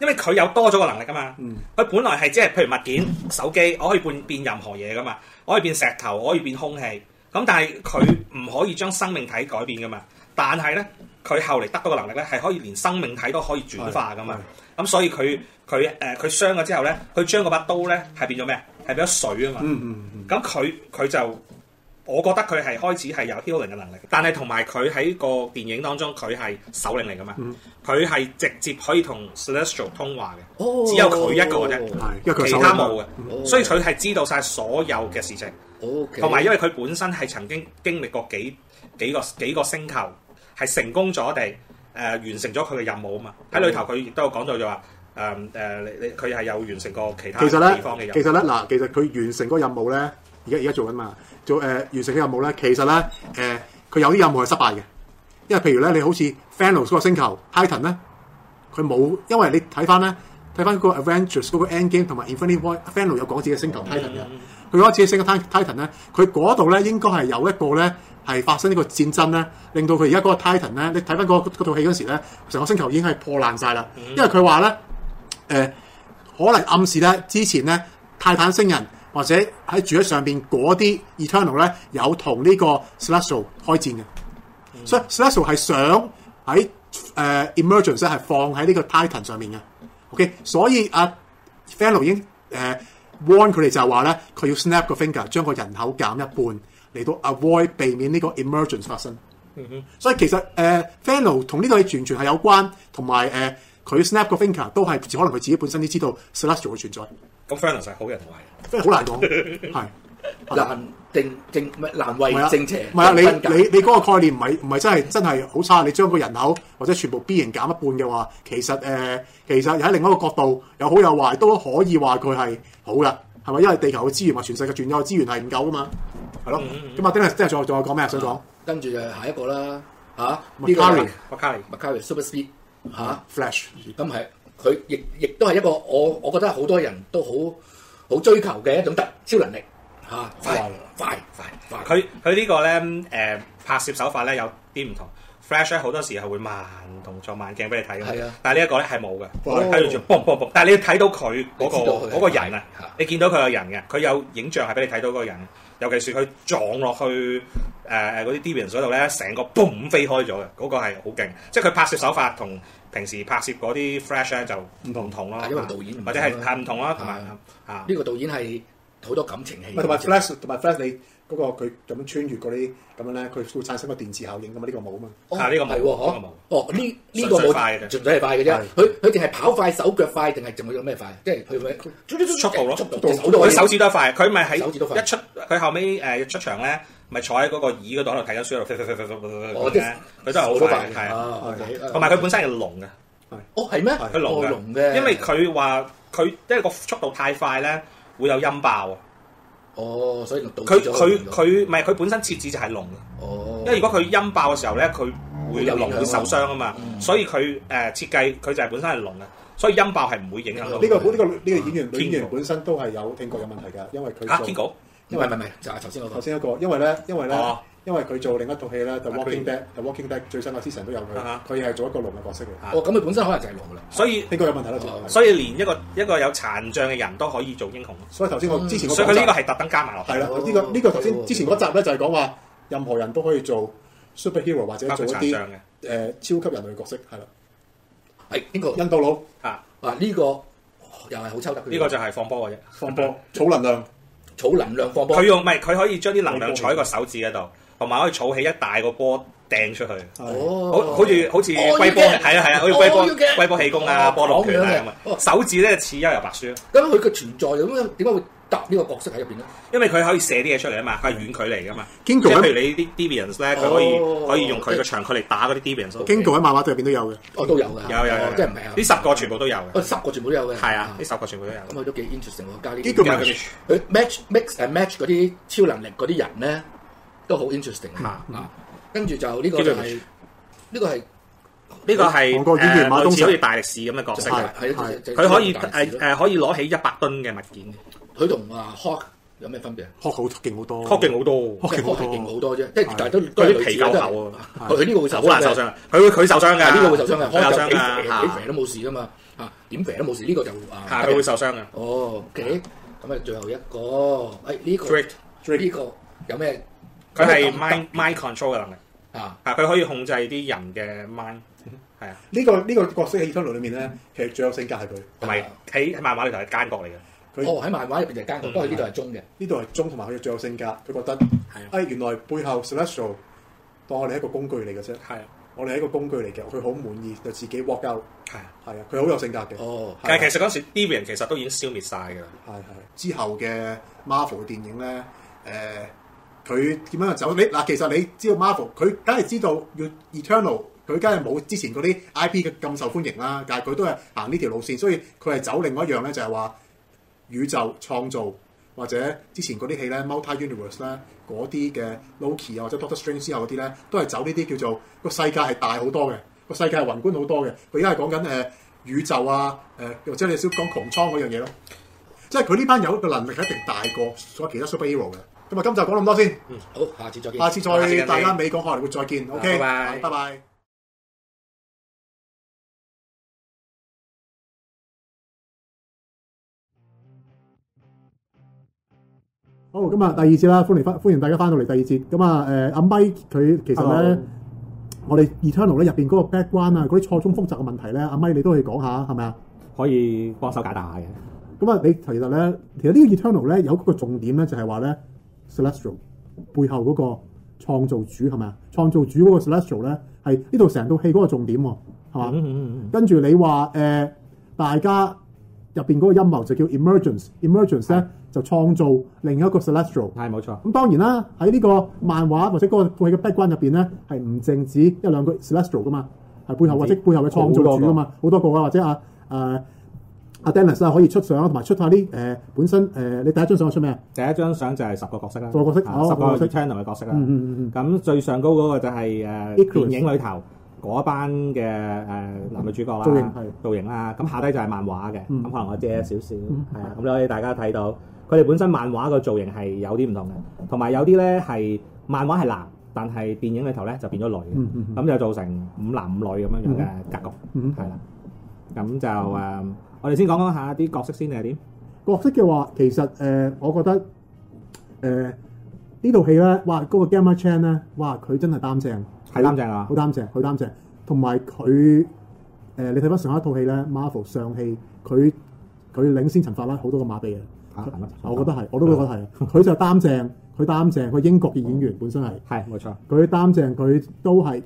[SPEAKER 1] 因為佢有多咗個能力噶嘛。佢、嗯、本來係即係譬如物件、手機，我可以變變任何嘢噶嘛。我可以變石頭，我可以變空氣。咁但係佢唔可以將生命體改變噶嘛。但係咧。佢後嚟得到個能力咧，係可以連生命體都可以轉化噶嘛。咁、嗯、所以佢佢佢傷咗之後咧，佢將嗰把刀咧係變咗咩？係變咗水啊嘛。咁佢佢就，我覺得佢係開始係有 healing 嘅能力。但係同埋佢喺個電影當中，佢係首領嚟噶嘛。佢係、嗯、直接可以同 Celestial 通話嘅，
[SPEAKER 3] 哦、只有佢一個啫，
[SPEAKER 1] 哦、是其他冇嘅。哦、所以佢係知道曬所有嘅事情。
[SPEAKER 3] 同埋、哦 okay、因為
[SPEAKER 1] 佢本身係曾經經歷過幾幾個幾個星球。係成功咗，地、呃、誒完成咗佢嘅任務啊嘛！喺裏頭佢亦都有講到就話誒誒，你你佢係有完成過其他地方嘅任務。其實咧，嗱，
[SPEAKER 5] 其實佢完成嗰個任務咧，而家而家做緊嘛，做誒、呃、完成嘅任務咧，其實咧誒，佢、呃、有啲任務係失敗嘅，因為譬如咧，你好似 Thanos 個星球 Titan 咧，佢冇，因為你睇翻咧，睇翻嗰個 Avengers 嗰個 Endgame 同埋 Infinity War，Thanos 有講自己嘅星球 Titan 嘅。佢嗰次升 Titan 咧，佢嗰度咧，應該係有一個咧係發生呢個戰爭咧，令到佢而家嗰個 Titan 咧，你睇翻嗰套戲嗰時咧，成個星球已經係破爛晒啦。因為佢話咧，誒可能暗示咧之前咧泰坦星人或者喺住喺上邊嗰啲 Eternal 咧有同呢個 Slasher 開戰嘅，所以 Slasher 係想喺誒、呃、Emergence 係放喺呢個 Titan 上面嘅。OK，所以啊 Fellow 已經誒、呃。warn 佢哋就係話咧，佢要 snap 個 finger，將個人口減一半嚟到 avoid 避免呢個 emergence 發生。嗯哼，所以其實誒、呃、Fernal 同呢個嘢完全係有關，同埋誒佢 snap 個 finger 都係可能佢自己本身都知道 Celestial 嘅存在。咁
[SPEAKER 4] Fernal 就係好人定壞人？好難講，係 是難定正唔係難為正邪？唔係啊！啊你你
[SPEAKER 5] 你嗰個概念唔係唔係真係真係好差。你將個人口或者全部 B 型減一半嘅話，其實誒、呃、其實喺另一個角度又好又壞，都可以話佢係。好啦，係咪？因為地球嘅資源同全世界所、嗯嗯嗯嗯嗯嗯嗯、有資源係唔夠噶嘛，係咯。咁阿丁咧，即係仲係仲係講咩？想講？
[SPEAKER 4] 跟住、啊、就是下一個啦，吓、啊。麥卡利，麥卡利，麥卡利，Super Speed，吓、啊 uh，Flash，嗯。咁係，佢亦亦都係一個我我覺得好多人都好好追求嘅一種特超能力，
[SPEAKER 1] 吓、啊，快快快快。佢佢呢個咧，誒、呃，拍攝手法咧有啲唔同。Flash 好多時係會慢動作、慢鏡俾你睇嘅，但係呢一個咧係冇嘅，佢完全嘣嘣嘣。但係你睇到佢嗰個人啊，你見到佢個人嘅，佢有影像係俾你睇到嗰個人。尤其是佢撞落去嗰啲 diving 水度咧，成個嘣飛開咗嘅，嗰個係好勁。即係佢拍攝手法同平時拍攝嗰啲 Flash 咧就唔
[SPEAKER 5] 同，因為導演，或者係係唔同咯，同埋嚇
[SPEAKER 4] 呢個導演係好多感情戲。
[SPEAKER 5] Flash 你。不過佢咁樣穿越嗰啲咁樣咧，佢會產生個電磁效應噶嘛？呢個冇
[SPEAKER 4] 啊嘛，係啊，呢個係喎，哦，呢呢個冇，速度快嘅啫，絕對快嘅啫。佢佢哋係跑快、手腳快定係仲有咩快？即係佢速度咯，速度。手指
[SPEAKER 1] 都快，佢咪喺一出佢後尾誒出場咧，咪坐喺嗰個椅嗰度喺度睇緊書喺度，佢都係好快嘅，係啊，同埋佢本身係聾嘅，哦係咩？佢聾嘅，因為佢話佢因為個速度太快咧，會有音爆。
[SPEAKER 4] 哦，所以佢佢佢，
[SPEAKER 1] 唔係佢本身設置就係聾哦，因為如果佢音爆嘅時候咧，佢會有聾，會受傷啊嘛。嗯、所以佢誒設計，佢、呃、就係本身係聾嘅。所以音爆係唔會影響到。呢、這個
[SPEAKER 5] 呢、這個呢、這個演員、啊、演員本身都係有聽覺有問題噶，因為佢啊 k i 因 o 係係，就頭先頭先一個，因為咧，因為咧。哦因為佢做另一套戲咧，就 Walking Dead，Walking Dead 最新個 Season 都有佢，佢係做一個龍嘅角色嚟。哦，咁佢本身可能就係龍啦。所以呢個有問題啦。
[SPEAKER 1] 所以連一個一個有殘障嘅人都可以做英雄。所以頭先我之前所以佢呢個係特登加埋落去啦，呢個
[SPEAKER 5] 呢個頭先之前嗰集咧就係講話任何人都可以做 superhero 或者做
[SPEAKER 1] 一啲殘障嘅
[SPEAKER 4] 誒超級人類角色，係啦。係邊個？印度佬啊！啊呢個又係好抽得。呢個就係放波嘅啫。放波，儲能量，儲能量，放波。佢用
[SPEAKER 1] 唔係佢可以將啲能量採個手指嗰度。同埋可以儲起一大個波掟出去，好好似好似龜波，係啊係啊，好似龜波龜波氣功啊，波龍拳啊咁啊。手指咧似幽遊白書。
[SPEAKER 4] 咁佢嘅存在，咁點解會搭呢個角色喺入面？咧？因為
[SPEAKER 1] 佢可以射啲嘢出嚟啊嘛，佢係遠距離噶嘛。比如你啲 Deviants 咧，佢可以可以用佢嘅長距離打嗰啲 Deviants。Kingo
[SPEAKER 4] 喺漫畫入邊都有嘅，都有嘅，有有有，即係唔
[SPEAKER 1] 係啊！十個全部都有
[SPEAKER 4] 嘅，十個全部都有嘅，係啊，十個全部都有。咁都幾 interesting，呢啲。佢 match mix and match 啲超能力啲人咧。都好 interesting 啊！跟住就呢個係呢個係呢個係誒馬冬社，好似大
[SPEAKER 1] 力士咁嘅角色，佢可以可以攞起一百噸嘅物件。佢同啊 Hawk 有咩
[SPEAKER 4] 分別啊？Hawk 勁好多，Hawk 勁好多，Hawk 勁好多啫，即係但係都對啲皮夠厚，佢呢個會受好難受傷，佢會佢受傷㗎，呢個會受傷㗎，受傷㗎，點肥都冇事㗎嘛！啊，點肥都冇事，呢個就佢會受傷嘅。哦，OK，咁啊，最後一個，誒呢個呢個有咩？
[SPEAKER 1] 佢係 mind
[SPEAKER 4] mind control 嘅能力啊
[SPEAKER 1] 啊！佢可以控制啲人嘅 mind，係啊。呢
[SPEAKER 5] 個呢個角色喺《Eternals》裏面咧，其實最有性格係佢，同埋喺喺漫畫裏頭係奸角嚟嘅。哦，喺漫畫入邊係奸角，不過呢度係忠嘅。呢度係忠同埋佢最有性格。佢覺得係啊，哎，原來背後 Celestial 當我哋係一個工具嚟嘅啫。係，我哋係一個工具嚟嘅。佢好滿意就自己 work out，係啊。佢好有性格嘅。哦，但係其實
[SPEAKER 1] 嗰時 Deviants 其實都已經消滅晒噶啦。係
[SPEAKER 5] 係，之後嘅 Marvel 電影咧，誒。佢點樣走？你嗱，其實你知道 Marvel 佢梗係知道要、e、Eternal，佢梗係冇之前嗰啲 IP 嘅咁受歡迎啦。但係佢都係行呢條路線，所以佢係走另外一樣咧，就係話宇宙創造或者之前嗰啲戲咧，Multi Universe 咧嗰啲嘅 Loki 啊或者 Doctor Strange 之後嗰啲咧，都係走呢啲叫做個世界係大好多嘅，個世界係宏觀好多嘅。佢而家係講緊誒宇宙啊，誒、呃、或者你少講穹蒼嗰樣嘢咯。即係佢呢班友嘅能力係一定大過所有其他 Superhero 嘅。今日今集講咁多先，嗯，好，下次再見。下次再下次見大家美港，可能會再見。好 o OK , K，拜拜，拜拜。好，今日第二節啦，歡迎翻，歡迎大家翻到嚟第二節咁啊，誒，阿 Mike 佢其實咧，Hello. 我哋 Eternal 咧入邊嗰個 Background 啊，嗰啲錯綜複雜嘅問題咧，阿 Mike 你都可以講下，係咪啊？可
[SPEAKER 1] 以幫手解答下
[SPEAKER 5] 嘅。咁啊，你其實咧，其實呢個 Eternal 咧有嗰個重點咧，就係話咧。Celestial 背後嗰個創造主係咪啊？創造主嗰個 Celestial 咧，係呢度成套戲嗰個重點喎，係嘛？嗯嗯、跟住你話誒、呃，大家入邊嗰個陰謀就叫 Emergence，Emergence 咧 Emer 是就創造另一個 Celestial，係冇錯。咁、嗯、當然啦，喺呢個漫畫或者嗰個套戲嘅 background 入邊咧，係唔淨止一兩個 Celestial 噶嘛，係背後不止 或者背後嘅創造主噶嘛，好多個啊，或者啊誒。呃阿 Dennis 啊，可以出相同埋出下啲誒本身誒，你第一張相出咩啊？第一張相就
[SPEAKER 1] 係十個角色啦，十個角色，十個 Eternals 嘅角色啦。咁最上高嗰個就係誒電影裏頭嗰班嘅誒男女主角啦，造型啦，咁下低就係漫畫嘅，咁可能我借少少，係啊，咁你可以大家睇到佢哋本身漫畫嘅造型係有啲唔同嘅，同埋有啲咧係漫畫係男，但係電影裏頭咧就變咗女，咁就造成五男五女咁樣樣嘅格局，係啦。咁就誒、mm hmm. 嗯，我哋先講講一下一啲角色先係點。
[SPEAKER 5] 角色嘅話，其實誒、呃，我覺得誒、呃、呢套戲咧，哇，嗰、那個 Gemma Chan 咧，哇，佢真係擔正，係擔正啊，好擔正，好擔正。同埋佢誒，你睇翻上一套戲咧，Marvel 上戲，佢佢領先陳法拉好多個馬鼻嘅，啊、是我覺得係，我都覺得係。佢的就擔正，佢擔 正，佢英國嘅演員本身係係冇錯，佢擔正，佢都係。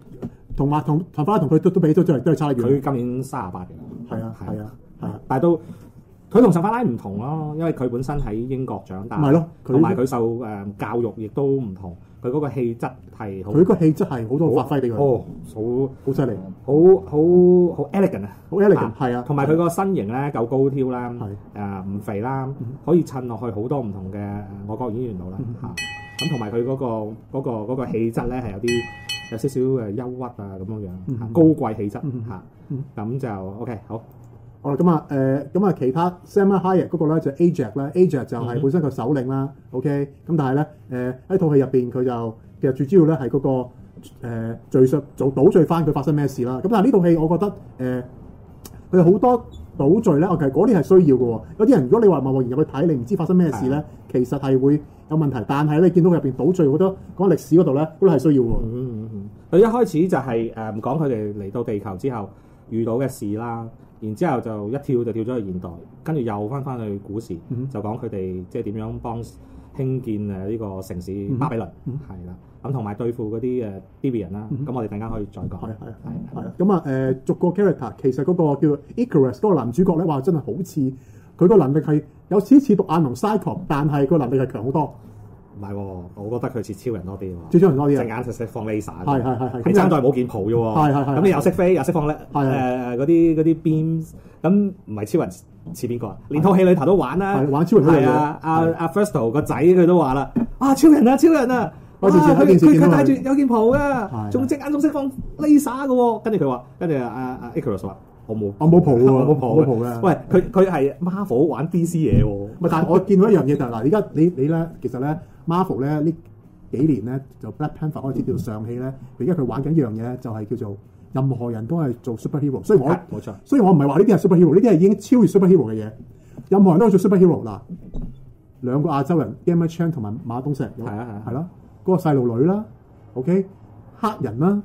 [SPEAKER 5] 同埋同陳法拉同佢都都比起都都係差遠。佢今年卅八嘅。係啊係啊係啊，但係都
[SPEAKER 1] 佢同陳法拉唔同咯，因為佢本身喺英國長大。係咯。同埋佢受誒教育亦都唔同，佢嗰個氣質係好。佢個氣
[SPEAKER 5] 質係好多發揮俾佢。哦，好，好犀利，好好好 elegant 啊，好 elegant。係
[SPEAKER 1] 啊。同埋佢個身形咧夠高挑啦，誒唔肥啦，可以襯落去好多唔同嘅外國演員度啦嚇。咁同埋佢嗰個嗰個嗰個氣質咧係有啲。有少少嘅憂鬱
[SPEAKER 5] 啊，咁樣樣，高貴氣質嚇咁就 OK 好。好啦，咁啊，誒咁啊，其他 Salma Hayek 嗰個咧就 Ajak 啦，Ajak 就係本身個首領啦。嗯、哼 OK 咁、呃那個呃，但係咧誒，呢套戲入邊佢就其實最主要咧係嗰個誒敍述做倒敍返佢發生咩事啦。咁但係呢套戲我覺得誒佢好多倒敍咧，我其實嗰啲係需要嘅。有啲人如果你話默默然入去睇，你唔知發生咩事咧，嗯、哼其實係會有問題。但係你見到佢入邊倒敍好多嗰個歷史嗰度咧，都啲係需要嘅。嗯佢一開始就
[SPEAKER 1] 係誒唔講佢哋嚟到地球之後遇到嘅事啦，然之後就一跳就跳咗去現代，跟住又翻翻去古時，嗯、哼就講佢哋即係點樣幫興建誒呢個城市巴比倫，係、嗯哼嗯、啦，咁同埋對付嗰啲誒 Bibian 啦，咁我哋陣間可以
[SPEAKER 5] 再講，係啊，係啊，咁啊誒逐個 character，其實嗰個叫 Icarus 嗰個男主角咧，哇真係好似佢個能力係有似似獨眼龍 Cyclops，但係個能力係強好多。
[SPEAKER 1] 唔係，我覺得佢似超人多啲喎。似超人多啲，隻眼就識放 Laser 嘅。係係係你爭啲冇件
[SPEAKER 5] 袍啫喎。
[SPEAKER 1] 咁你又識飛，又識放咧誒嗰啲嗰啲 beams。咁唔係超人似邊個啊？連套戲裏頭都玩啦，
[SPEAKER 5] 玩超人係啊！阿
[SPEAKER 1] 阿 Phastos 個仔佢都話啦：
[SPEAKER 3] 啊超人啊超人啊！哇，佢佢佢戴住
[SPEAKER 1] 有件袍嘅，仲隻眼仲識放
[SPEAKER 5] Laser 嘅喎。跟住佢話，跟住啊，阿阿 Ikaris 話：我冇，
[SPEAKER 3] 我冇袍嘅，我冇袍嘅。喂，
[SPEAKER 5] 佢佢係 Marvel 玩 DC 嘢喎。但係我見到一樣嘢就係嗱，而家你你咧，其實咧。Marvel 咧呢幾年咧就 Black Panther 開始叫做上戲咧，佢而家佢玩緊一樣嘢就係叫做任何人都係做 superhero，所以我冇錯，所以我唔係話呢啲係 superhero，呢啲係已經超越 superhero 嘅嘢，任何人都係做 superhero 啦。兩個亞洲人 Bianca Chan 同埋馬東石，係好啊係，係咯，嗰個細路女啦，OK，黑人啦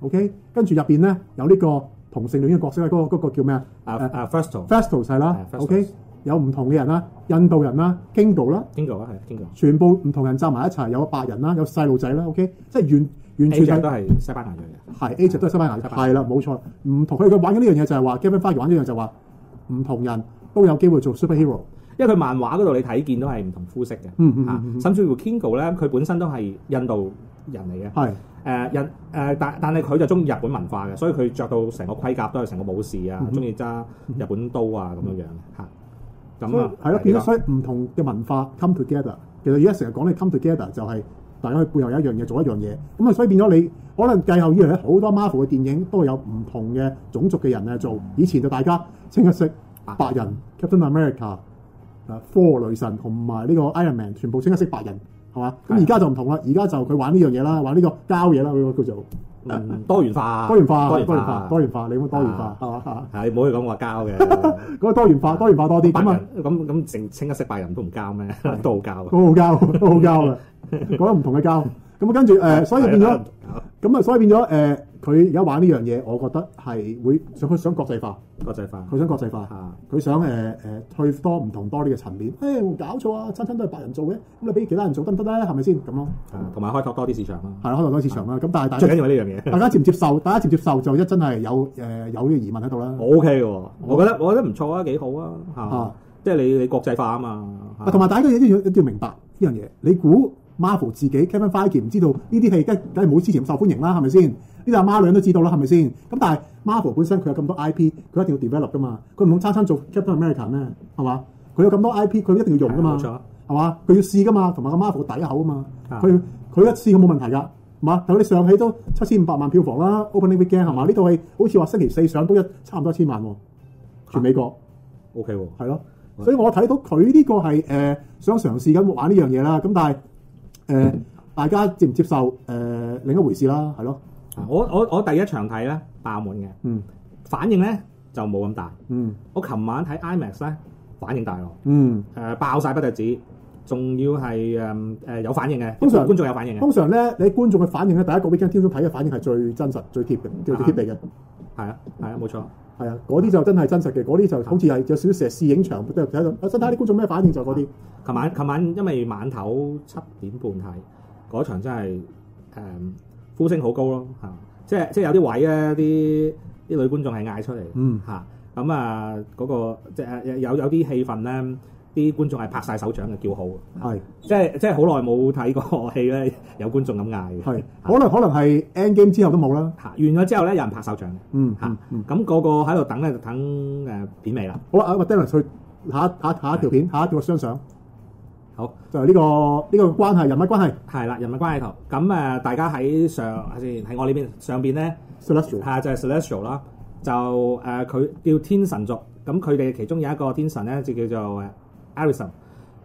[SPEAKER 5] ，OK，跟住入邊咧有呢個同性戀嘅角色咧，嗰、那個那個叫咩、uh, uh, 啊？啊啊，Festival，Festival 係啦，OK。有唔同嘅人啦，印度人啦 Kingo 啦
[SPEAKER 1] Kingo 啊 Kingo
[SPEAKER 5] 全部唔同人集埋一齊，有白人啦，有細路仔啦，OK，即係完完全係。Asia 都係西班牙嘅嘢。都係西班牙嘅嘢 a 都係西班牙嘅係啦，冇錯，唔同佢哋玩緊呢樣嘢就係話 Game of Thrones 玩呢樣就話唔同人都有機會做 superhero，因為佢漫畫嗰度你睇見都係唔同
[SPEAKER 1] 膚色嘅，嚇，甚至乎 Kingo 咧佢本身都係印度人嚟嘅，係，誒人誒但但係佢就中意日本文化嘅，所以佢着到成個盔甲都係成個武士啊，中意揸日本刀啊咁樣
[SPEAKER 5] 樣嚇。咁啊，係咯， 變咗，所以唔同嘅文化 come together。其實而家成日講你 come together，就係大家佢背後有一樣嘢，做一樣嘢。咁啊，所以變咗你可能繼後以嚟好多 Marvel 嘅電影都會有唔同嘅種族嘅人咧做。以前就大家清一色白人 Captain America 啊，Thor 雷神同埋呢個 Iron Man 全部清一色白人。係嘛？咁而家就唔同啦，而家就佢玩呢樣嘢啦，玩呢個交嘢啦，佢叫做多元化，多元化，多元化，多元化，你講多元化
[SPEAKER 1] 係嘛？係唔好去講話交嘅，
[SPEAKER 5] 講多元化，多元化多啲。咁啊，
[SPEAKER 1] 咁咁成清一色，白人都唔交咩？都好交，都
[SPEAKER 5] 好交，都好交啦。講得唔同嘅交。咁啊，跟住誒，所以變咗，咁啊，所以變咗誒，佢而家玩呢樣嘢，我覺得係會想去想國際化，
[SPEAKER 1] 國際化，佢
[SPEAKER 5] 想國際化嚇，佢想誒誒去多唔同多啲嘅層面。誒、欸，搞錯啊，親親都係白人做嘅，咁你俾其他人做得唔得咧？係咪先咁咯？
[SPEAKER 1] 同埋開拓多啲市場
[SPEAKER 5] 啦。係啦，開拓多市場啦。咁、啊、但係最緊要係呢樣嘢，大家接唔接受？ 大家接唔接受就一真係有誒有呢個疑問喺度啦。我 OK 嘅，我覺得
[SPEAKER 1] 我覺得唔錯啊，幾好啊嚇。即係你你國際化啊嘛，同埋大
[SPEAKER 5] 家都要一定要明白呢樣嘢，你估？Marvel 自己 Kevin Feige 唔知道呢啲戲，梗梗係冇之前咁受歡迎啦，係咪先？呢啲阿媽女都知道啦，係咪先？咁但係 Marvel 本身佢有咁多 I P，佢一定要 develop 噶嘛？佢唔通餐餐做 Captain America 咩？係嘛？佢有咁多 I P，佢一定要用㗎嘛？冇錯，係嘛？佢要試㗎嘛？同埋個 Marvel 個底厚啊嘛？佢佢一試冇問題㗎，係嘛？但係你上戲都七千五百萬票房啦，Opening Weekend 係嘛？呢套戲好似話星期四上都一差唔多一千萬喎，全美國 OK 喎，係咯。所以我睇到佢呢個係誒、呃、想嘗試緊玩呢樣嘢啦。咁但係。誒、呃，大家接唔接受誒、呃，另一回事啦，係咯。我我我第
[SPEAKER 1] 一場睇咧，爆滿嘅，嗯，反應咧就冇咁大，嗯。我琴晚睇 imax 咧，反應大喎，嗯，誒、呃，爆晒不得止，仲要係誒誒有反應嘅，通常觀眾有反應嘅。通常
[SPEAKER 5] 咧，你觀眾嘅反應咧，第一個 weekend 睇嘅反應係最真實、最貼嘅，叫做貼地嘅。係啊，係啊，冇錯，係啊，嗰啲就真係真實嘅，嗰啲就好似係有少少成攝影場咁睇到。啊，睇下啲觀眾咩反應就嗰啲。琴晚，琴晚因為晚頭七
[SPEAKER 1] 點半睇嗰場真係誒、嗯、呼聲好高咯嚇，即係即係有啲位咧，啲啲女觀眾係嗌出嚟嗯嚇，咁啊嗰個即係有有啲氣氛咧。啲觀眾係拍晒手掌嘅，叫好係即係即係好耐冇睇過戲咧，有觀眾咁嗌係
[SPEAKER 5] 可能可能係《End Game》之後都冇啦。完
[SPEAKER 1] 咗之後咧，有人拍手掌嗯嚇咁個個喺度等咧，就等誒片尾啦。好啦，阿 Denley 去下下下一條片，下一條雙相好就係呢個呢個關係人物關係係啦人物關係圖咁誒大家喺上先喺我呢邊上邊呢 Celestial 下就係 celestial 啦，就誒佢叫天神族咁，佢哋其中有一個天神呢，就叫做 Allison，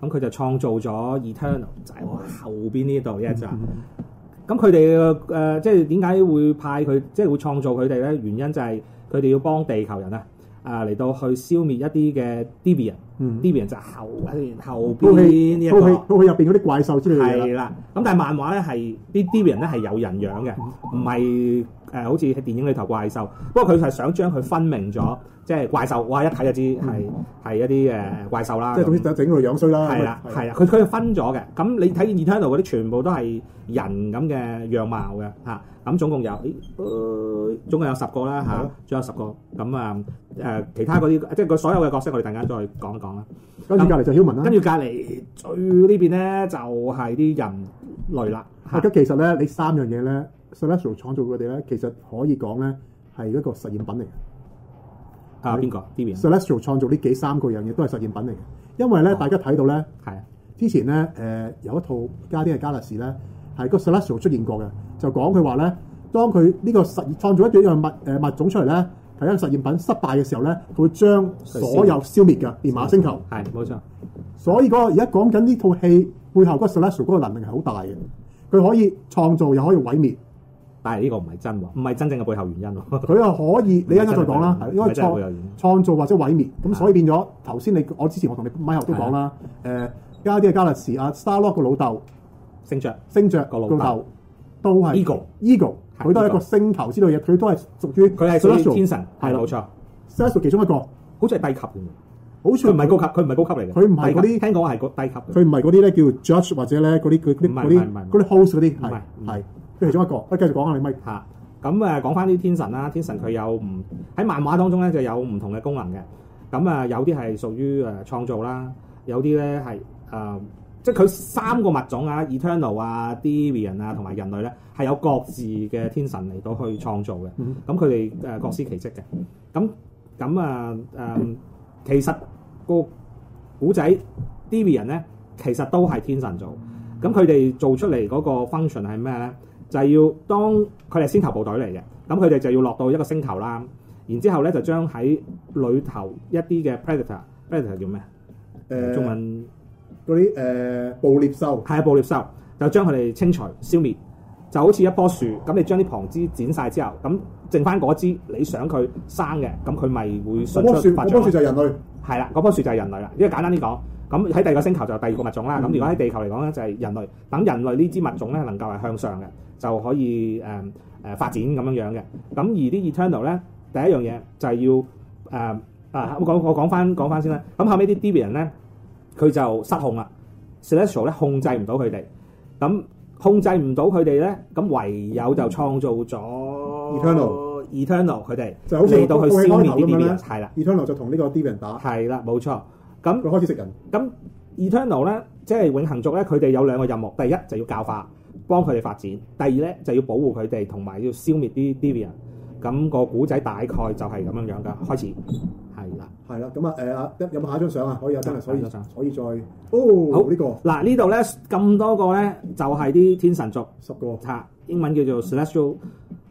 [SPEAKER 1] 咁佢就創造咗 Eternal，就係我後邊呢度一隻，咁佢哋誒即係點解會派佢，即係會創造佢哋咧？原因就係佢哋要幫地球人啊，啊嚟到去消滅一啲嘅 Dibian、嗯。Dibian 就後後邊呢一
[SPEAKER 5] 個，後後邊嗰啲怪獸之類。係
[SPEAKER 1] 啦，咁但係漫畫咧係啲 Dibian 咧係有人養嘅，唔係、嗯。誒、呃，好似喺電影裏頭怪獸，不過佢係想將佢分明咗，即係怪獸，哇一睇就知係係、嗯、一啲誒怪獸啦。嗯、即係總之
[SPEAKER 5] 整佢樣衰啦。係啦，係啦，佢
[SPEAKER 1] 佢分咗嘅。咁你睇見 Eternals 嗰啲全部都係人咁嘅樣，樣貌嘅吓。咁、啊、總共有誒、呃，總共有十個啦吓，仲、啊、有十個。咁啊誒、呃，其他嗰啲即係佢所有嘅角色我們
[SPEAKER 5] 等一下講一講，我哋陣間再講一講啦。跟住隔籬就 Human 啦。跟住隔籬最呢邊咧就係啲人類啦。吓、啊，咁其實咧你三樣嘢咧。Celestial 創造佢哋咧，其實可以講咧係一個實驗品嚟嘅。啊，邊個？Celestial 創造呢幾三個樣嘢都係實驗品嚟嘅，因為咧、啊、大家睇到咧係的之前咧誒、呃、有一套家啲嘅加勒士咧係個 Celestial 出現過嘅，就講佢話咧當佢呢個實創造一樣物誒、呃、物種出嚟咧睇緊實驗品失敗嘅時候咧，佢會將所有消滅㗎，滅馬星球係冇錯。所以嗰、嗰個而家講緊呢套戲背後個 Celestial 嗰個能力係好大嘅，佢可以創造又可以毀滅。
[SPEAKER 1] 但係呢個唔係真喎，唔係真正嘅背後原因。
[SPEAKER 5] 佢又可以，你一陣間再講啦，因為創創造或者毀滅，咁所以變咗頭先。你我之前我同你咪後都講啦。誒，加啲嘅加勒士 Star-Lord 嘅老豆，星爵，星爵個老豆都係 Ego，Ego，佢都係一個星球之類嘅，佢都係屬於佢係 Celestial 天神，係啦，冇錯 Celestial 其中一個，好似係低級嘅，好似佢唔係高級，佢唔係高級嚟嘅，佢唔係嗰啲聽講係嗰低級，佢唔係嗰啲咧叫 Judge 或者咧嗰啲佢啲嗰啲 Host 嗰啲，係係係其中一個，誒，繼續講下你咪嚇咁誒，講翻
[SPEAKER 1] 啲天神啦。天神佢有唔喺漫畫當中咧，就有唔同嘅功能嘅。咁誒，有啲係屬於誒創造啦，有啲咧係誒，即係佢三個物種啊，Eternal 啊、Divian 啊同埋人類咧，係有各自嘅天神嚟到去創造嘅。咁佢哋誒各司其職嘅。咁咁啊誒，其實個古仔 Divian 咧，其實都係天神做。咁佢哋做出嚟嗰個 function 係咩咧？就係要當佢哋先頭部隊嚟嘅，咁佢哋就要落到一個星球啦。然之後咧就將喺裡頭一啲嘅 predator，predator、呃、叫咩？誒中文嗰啲誒捕獵獸，係啊捕獵獸，就將佢哋清除、消滅，就好似一棵樹咁，你將啲旁枝剪晒之後，咁剩翻嗰枝，你想佢生嘅，咁佢咪會順出發長？嗰樖樹，嗰樖、樹就係人類，係啦，嗰、那、樖、個、樹就係人類啦。因、這、為、個、簡單啲講，咁喺第二個星球就係第二個物種啦。咁、嗯、如果喺地球嚟講咧，就係人類。等人類呢支物種咧，能夠係向上嘅。就可以誒、呃呃、發展咁樣樣嘅，咁而啲、e、eternal 咧，第一樣嘢就係要、呃、啊！我講我講翻翻先啦，咁後尾啲 dibian 咧，佢就失控啦 s e l e s h a l 咧控制唔到佢哋，咁、嗯、控制唔到佢哋咧，咁唯有就創造咗 eternal，eternal 佢哋嚟到去消 dibian，係啦，eternal 就同呢個 dibian 打，係啦冇錯，咁佢開始食人，咁 eternal 咧即係永恒族咧，佢哋有兩個任務，第一就要教化。幫佢哋發展。第二咧，就要保護佢哋，同埋要消滅啲 Deviants，咁個古仔大概就係咁樣樣噶開始。係
[SPEAKER 5] 啦，係啦。咁啊，誒、呃、有冇下一張相啊？可以啊，真係可，可以，可以再哦。好、這個啊、這呢個
[SPEAKER 1] 嗱，呢度咧咁多個咧，就係、是、啲天神族十個英文叫做 Celestial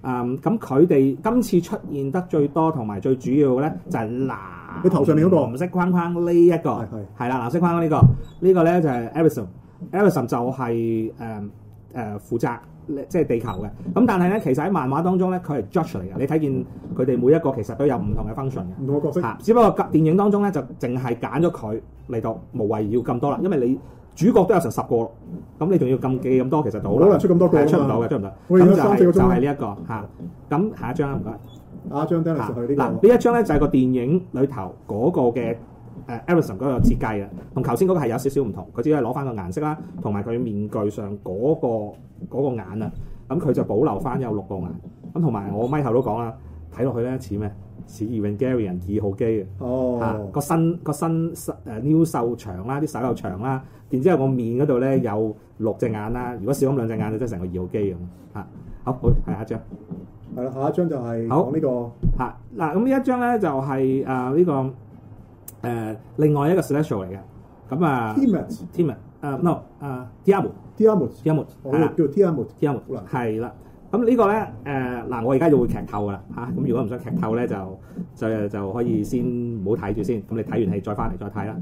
[SPEAKER 1] 誒，咁佢哋今次出現得最多同埋最主要嘅咧就係、是、藍。佢頭上面嗰度黃色框框呢、這、一個係啦，藍色框框、這、呢、個這個呢個咧就係、是、Arishem。Arishem 就係、是、誒。嗯誒、呃、負責即係地球嘅，咁、嗯、但係咧，其實喺漫畫當中咧，佢係 judge 嚟嘅。你睇見佢哋每一個其實都有唔同嘅 function 嘅，唔同嘅角色嚇、啊。只不過電影當中咧就淨係揀咗佢嚟到，無謂要咁多啦。因為你主角都有成十個，咁你仲要咁記咁多，其實就冇可能出咁多個、啊，出唔到嘅，出唔到。咁就係呢一個嚇。咁下一張啦，唔該。
[SPEAKER 5] 下一張 d a 嗱，呢
[SPEAKER 1] 一張咧就係、是、個電影裏頭嗰個嘅、嗯。誒 e r i c s o n 嗰個設計啊，同頭先嗰個係有少少唔同，佢只係攞翻個顏色啦，同埋佢面具上嗰、嗰個嗰個眼啊，咁佢就保留翻有六個眼，咁同埋我咪頭都講啦，睇落去咧似咩？似 e v a n g a r i a n 二號機嘅，嚇、oh. 啊、個身個身誒、啊、new 瘦長啦，啲手又長啦，然之後個面嗰度咧有六隻眼啦，如果少咁兩隻眼，就真係成個二號機咁，嚇、啊、好，好，下一張，
[SPEAKER 5] 係啦，下一張就係、呢個、
[SPEAKER 1] 好，呢個嚇嗱，咁呢一張咧就係誒呢個。另外一個 special 嚟嘅，咁啊，team 啊，team 啊，no 啊、uh,，T M T M T M，叫 T M、uh, T M，係啦，咁呢個咧，誒、呃、嗱，我而家就會劇透噶啦嚇，咁、啊、如果唔想劇透咧，就就就可以先唔好睇住先，咁你睇完戲再翻嚟再睇啦。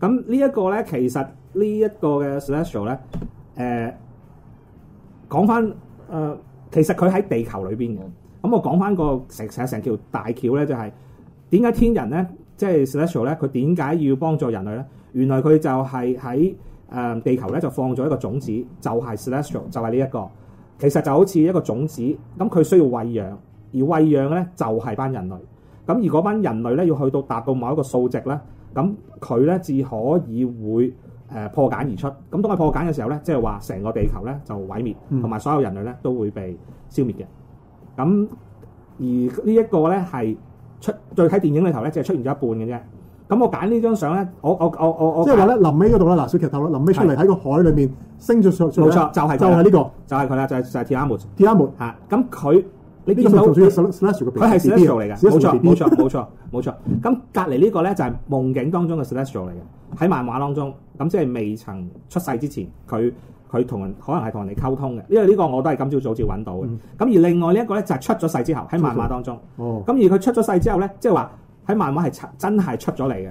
[SPEAKER 1] 咁呢一個咧，其實呢一個嘅 special 咧，誒、呃、講翻誒。呃其實佢喺地球裏邊嘅，咁、嗯、我講翻個成成成條大橋咧，就係點解天人咧，即係 Celestial 咧，佢點解要幫助人類咧？原來佢就係喺誒地球咧，就放咗一個種子，就係 Celestial，就係呢一個。其實就好似一個種子，咁、嗯、佢需要餵養，而餵養咧就係、是嗯、班人類。咁而嗰班人類咧要去到達到某一個數值咧，咁佢咧至可以會破繭而出，咁當佢破繭嘅時候咧，即係話成個地球咧就毀滅，同埋、嗯、所有人類咧都會被消滅嘅。咁而呢一個咧係出在喺電影裏頭咧，即係出現咗一半嘅啫。咁我揀呢張相咧，我我我我我即係話咧臨尾嗰度啦，嗱小劇
[SPEAKER 5] 透啦，臨尾出嚟喺個海裏面是升咗上，冇錯就係、是、就係呢、這個，
[SPEAKER 1] 就係佢啦，就係、是、就係鐵亞門，鐵亞門嚇。咁佢呢個屬於
[SPEAKER 5] Celestial 嘅，佢係時 B 座嚟嘅，冇錯冇錯冇
[SPEAKER 1] 錯冇錯。咁隔離呢個咧就係夢境當中嘅 Celestial 嚟嘅，喺漫畫當中。咁、嗯、即係未曾出世之前，佢佢同人可能係同人哋溝通嘅。因為呢個我都係今朝早先揾到嘅。咁、嗯、而另外呢一個咧就係、是、出咗世之後喺了漫畫當中。哦。咁而佢出咗世之後咧，即係話喺漫畫係真真係出咗嚟嘅。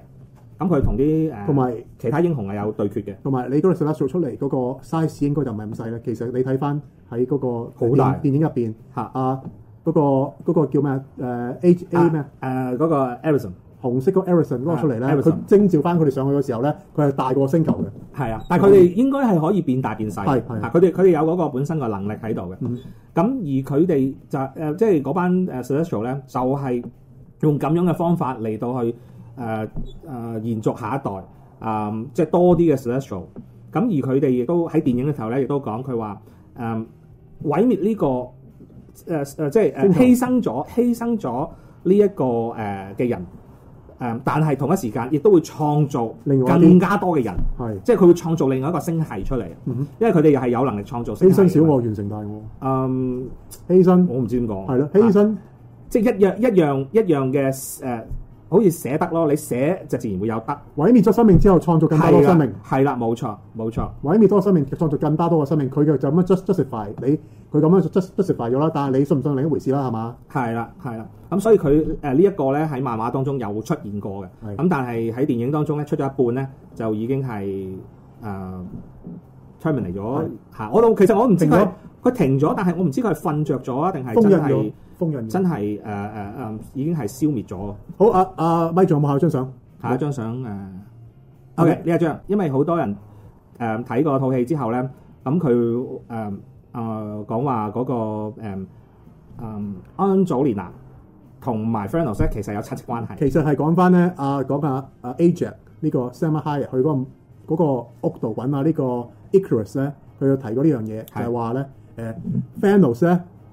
[SPEAKER 5] 咁佢同啲誒同埋其他英雄係有對決嘅。同埋你嗰陣時啦，做出嚟嗰個 size 應該就唔係咁細啦。其實你睇翻喺嗰個好大電影入邊嚇啊嗰、那個那個叫咩誒 H A 咩誒嗰個 Erison。紅色個 Arishem 攞出嚟咧，佢徵的召翻佢哋上去嘅時候咧，佢係大過星球嘅。係啊，但係佢哋
[SPEAKER 1] 應該係可以變大變細。係係啊，佢哋佢哋有嗰個本身嘅能力喺度嘅。咁、嗯、而佢哋就誒、呃，即係嗰班誒、呃、Celestial 咧，就係用咁樣嘅方法嚟到去誒誒、呃呃、延續下一代啊、呃，即係多啲嘅 Celestial，咁而佢哋亦都喺電影裡頭咧，亦都講佢話誒毀滅呢、這個誒誒、呃，即係誒球犧牲咗犧牲咗呢一個誒嘅、呃、人。誒，但係同一時間，亦都會創造更加多嘅人，係，係即係佢會創造另外一個星系出嚟，嗯、哼因為佢哋又係有能力創造星系。犧牲小
[SPEAKER 5] 我，完成大我。嗯，犧牲，我唔知點講，係咯的，
[SPEAKER 1] 犧牲，啊、即係一樣一樣一樣嘅誒。呃好似捨得咯，你捨就
[SPEAKER 5] 自然會有得。毀滅咗生命之後，創造更多嘅生命。係啦，冇錯，冇錯。毀滅咗生命，創造更多嘅生命。佢就就咁樣 justify 你，佢咁樣 just justify 咗啦。但係你信唔信另一回事啦，係嘛？係啦，係啦。咁、嗯、所以佢誒、呃這個、呢一個咧喺漫畫當中有出現過嘅。咁的、嗯、但係
[SPEAKER 1] 喺電影當中咧出咗一半咧，就已經係誒、呃、terminal 咗嚇的。我都其實我唔知佢佢停咗了，但係我唔知佢係瞓着咗啊，定係真係。真係、uh, uh, um, 已經係消滅咗。好啊啊，Mike、uh, 仲、uh, 有冇下一張相？下一張相誒。O.K. 呢一張，因為好多人誒睇、uh, 過套戲之後咧，咁佢誒啊講話嗰、那個誒
[SPEAKER 5] 安祖蓮娜同埋 Phenos 咧，其實有親戚關係。其實係講翻咧，啊講下啊 Ajak 呢個 Samurai 去嗰個嗰、那個屋度揾下呢個 Ikaris 咧，佢有提過的就呢樣嘢，就係話咧 f Phenos 咧。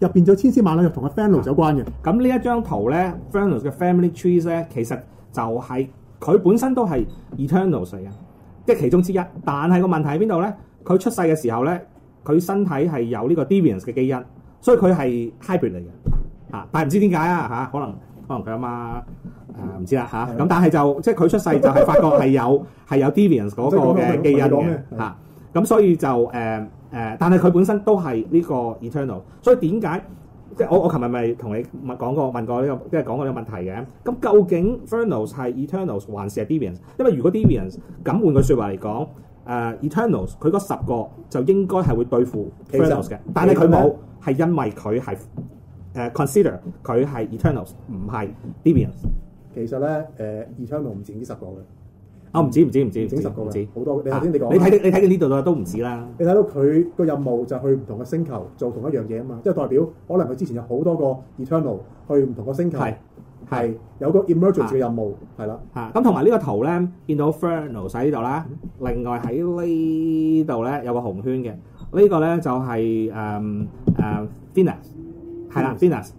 [SPEAKER 5] 入邊咗
[SPEAKER 1] 千絲萬縷，又同個 Thanos 有關嘅。咁呢一張圖咧，Thanos 嘅 family trees 咧，其實就係、是、佢本身都係 Eternals 嚟嘅啊，即係其中之一。但係個問題喺邊度咧？佢出世嘅時候咧，佢身體係有呢個 deviance 嘅基因，所以佢係 hybrid 嚟嘅嚇、啊。但係唔知點解啊嚇、啊？可能可能佢阿媽、呃、啊唔知啦嚇。咁、啊的啊、但係就即係佢出世就係發覺係有係 有 deviance 嗰個嘅基因嘅嚇。咁、啊、所以就誒。啊。誒、呃，但係佢本身都係呢個 Eternal，所以點解即係我我琴日咪同你問過、這個、講過問過呢個即係講嗰啲問題嘅。咁究竟 Thanos 係 Eternals 還是 Deviants？因為如果 Deviants 咁換句説話嚟講，誒、呃、Eternals 佢嗰十個就應該係會對付 Thanos 嘅，實但係佢冇，係因為佢係誒 consider 佢係 Eternals 唔係 Deviants。
[SPEAKER 5] 其實咧，誒、呃、Eternals 唔止呢十個嘅。
[SPEAKER 1] 啊，唔止唔止唔止，整、嗯哦、十個啦，好多。你頭先你講，你睇到你睇到
[SPEAKER 5] 呢度都唔止啦。你睇到佢個任務就係去唔同嘅星球做同一樣嘢啊嘛，即、就、係、係、代表可能佢之前有好多個 Eternal 去唔同個星球，係係有個 Emergence 嘅任務，
[SPEAKER 1] 係啦。咁同埋呢個圖咧，見到 Fernal 喺呢度啦，另外喺呢度咧有個紅圈嘅，這個、呢個咧就係誒誒 Finnis 係啦 Finnis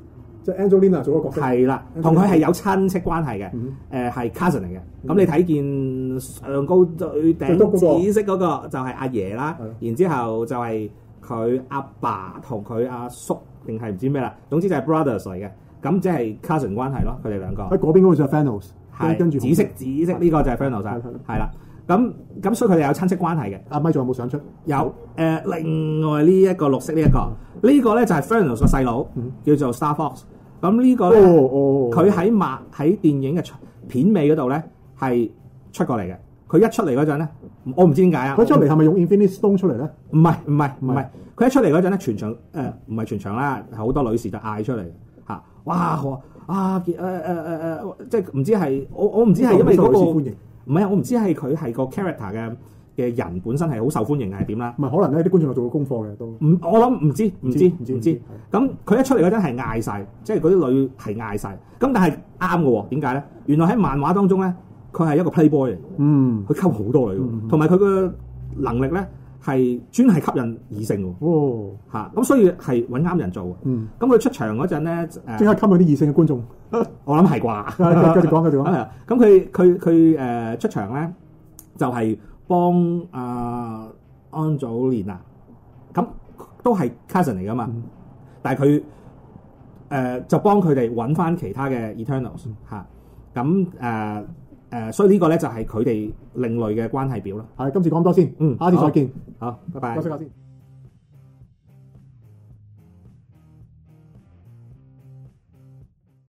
[SPEAKER 5] Angelina 做個角色係啦，
[SPEAKER 1] 同佢係有親戚關係嘅，誒係 cousin 嚟嘅。咁你睇見上高最頂紫色嗰個就係阿爺啦，然之後就係佢阿爸同佢阿叔定係唔知咩啦。總之就係 brothers 嚟嘅，咁即係 cousin 關係咯。佢哋兩個
[SPEAKER 5] 喺嗰邊嗰個就係 Fernos，跟住紫色
[SPEAKER 1] 紫色呢個就係 Fernos 啦，係啦。咁咁所以佢哋有親戚關係嘅。阿 Mike 仲有冇想出？有誒，另外呢一個綠色呢一個呢個咧就係 Fernos 個細佬，叫做 Starfox。咁呢個咧，佢喺麥喺電影嘅片尾嗰度咧，係出過嚟嘅。佢一出嚟嗰陣咧，我唔知點解啊，佢出嚟係
[SPEAKER 5] 咪用 Infinity Stone 出嚟咧？
[SPEAKER 1] 唔係唔係唔係，佢一出嚟嗰陣咧，全場誒唔係全場啦，好多女士就嗌出嚟嘩，哇！啊！誒誒誒即係唔知係我
[SPEAKER 5] 我唔知係因為嗰、嗰個
[SPEAKER 1] 唔係啊！我唔知係佢係個 character 嘅。嘅人本身係好受歡迎，係點啦？咪
[SPEAKER 5] 可能咧啲觀眾有做過功課嘅都
[SPEAKER 1] 唔我諗唔知唔知唔知唔知咁佢一出嚟嗰陣係嗌晒，即係嗰啲女係嗌晒。咁。但係啱嘅點解咧？原來喺漫畫當中咧，佢係一個 playboy 嚟，嗯，佢溝好多女，同埋佢嘅能力咧係專係吸引異性喎。哦，咁，所以係揾啱人做。咁佢出場嗰陣咧，即刻
[SPEAKER 5] 吸引啲異性嘅觀眾。
[SPEAKER 1] 我諗係啩，繼續講，繼續講。咁佢佢佢誒出場咧就係。幫啊、呃、安祖蓮啊，咁都係 cousin 嚟噶嘛，嗯、但係佢、呃、就幫佢哋揾翻其他嘅 eternals 嚇，咁、呃呃、所以呢個咧就係佢哋另類嘅關係表啦。
[SPEAKER 5] 今次講咁多先，嗯，下次再見，嗯、
[SPEAKER 3] 好，好拜拜。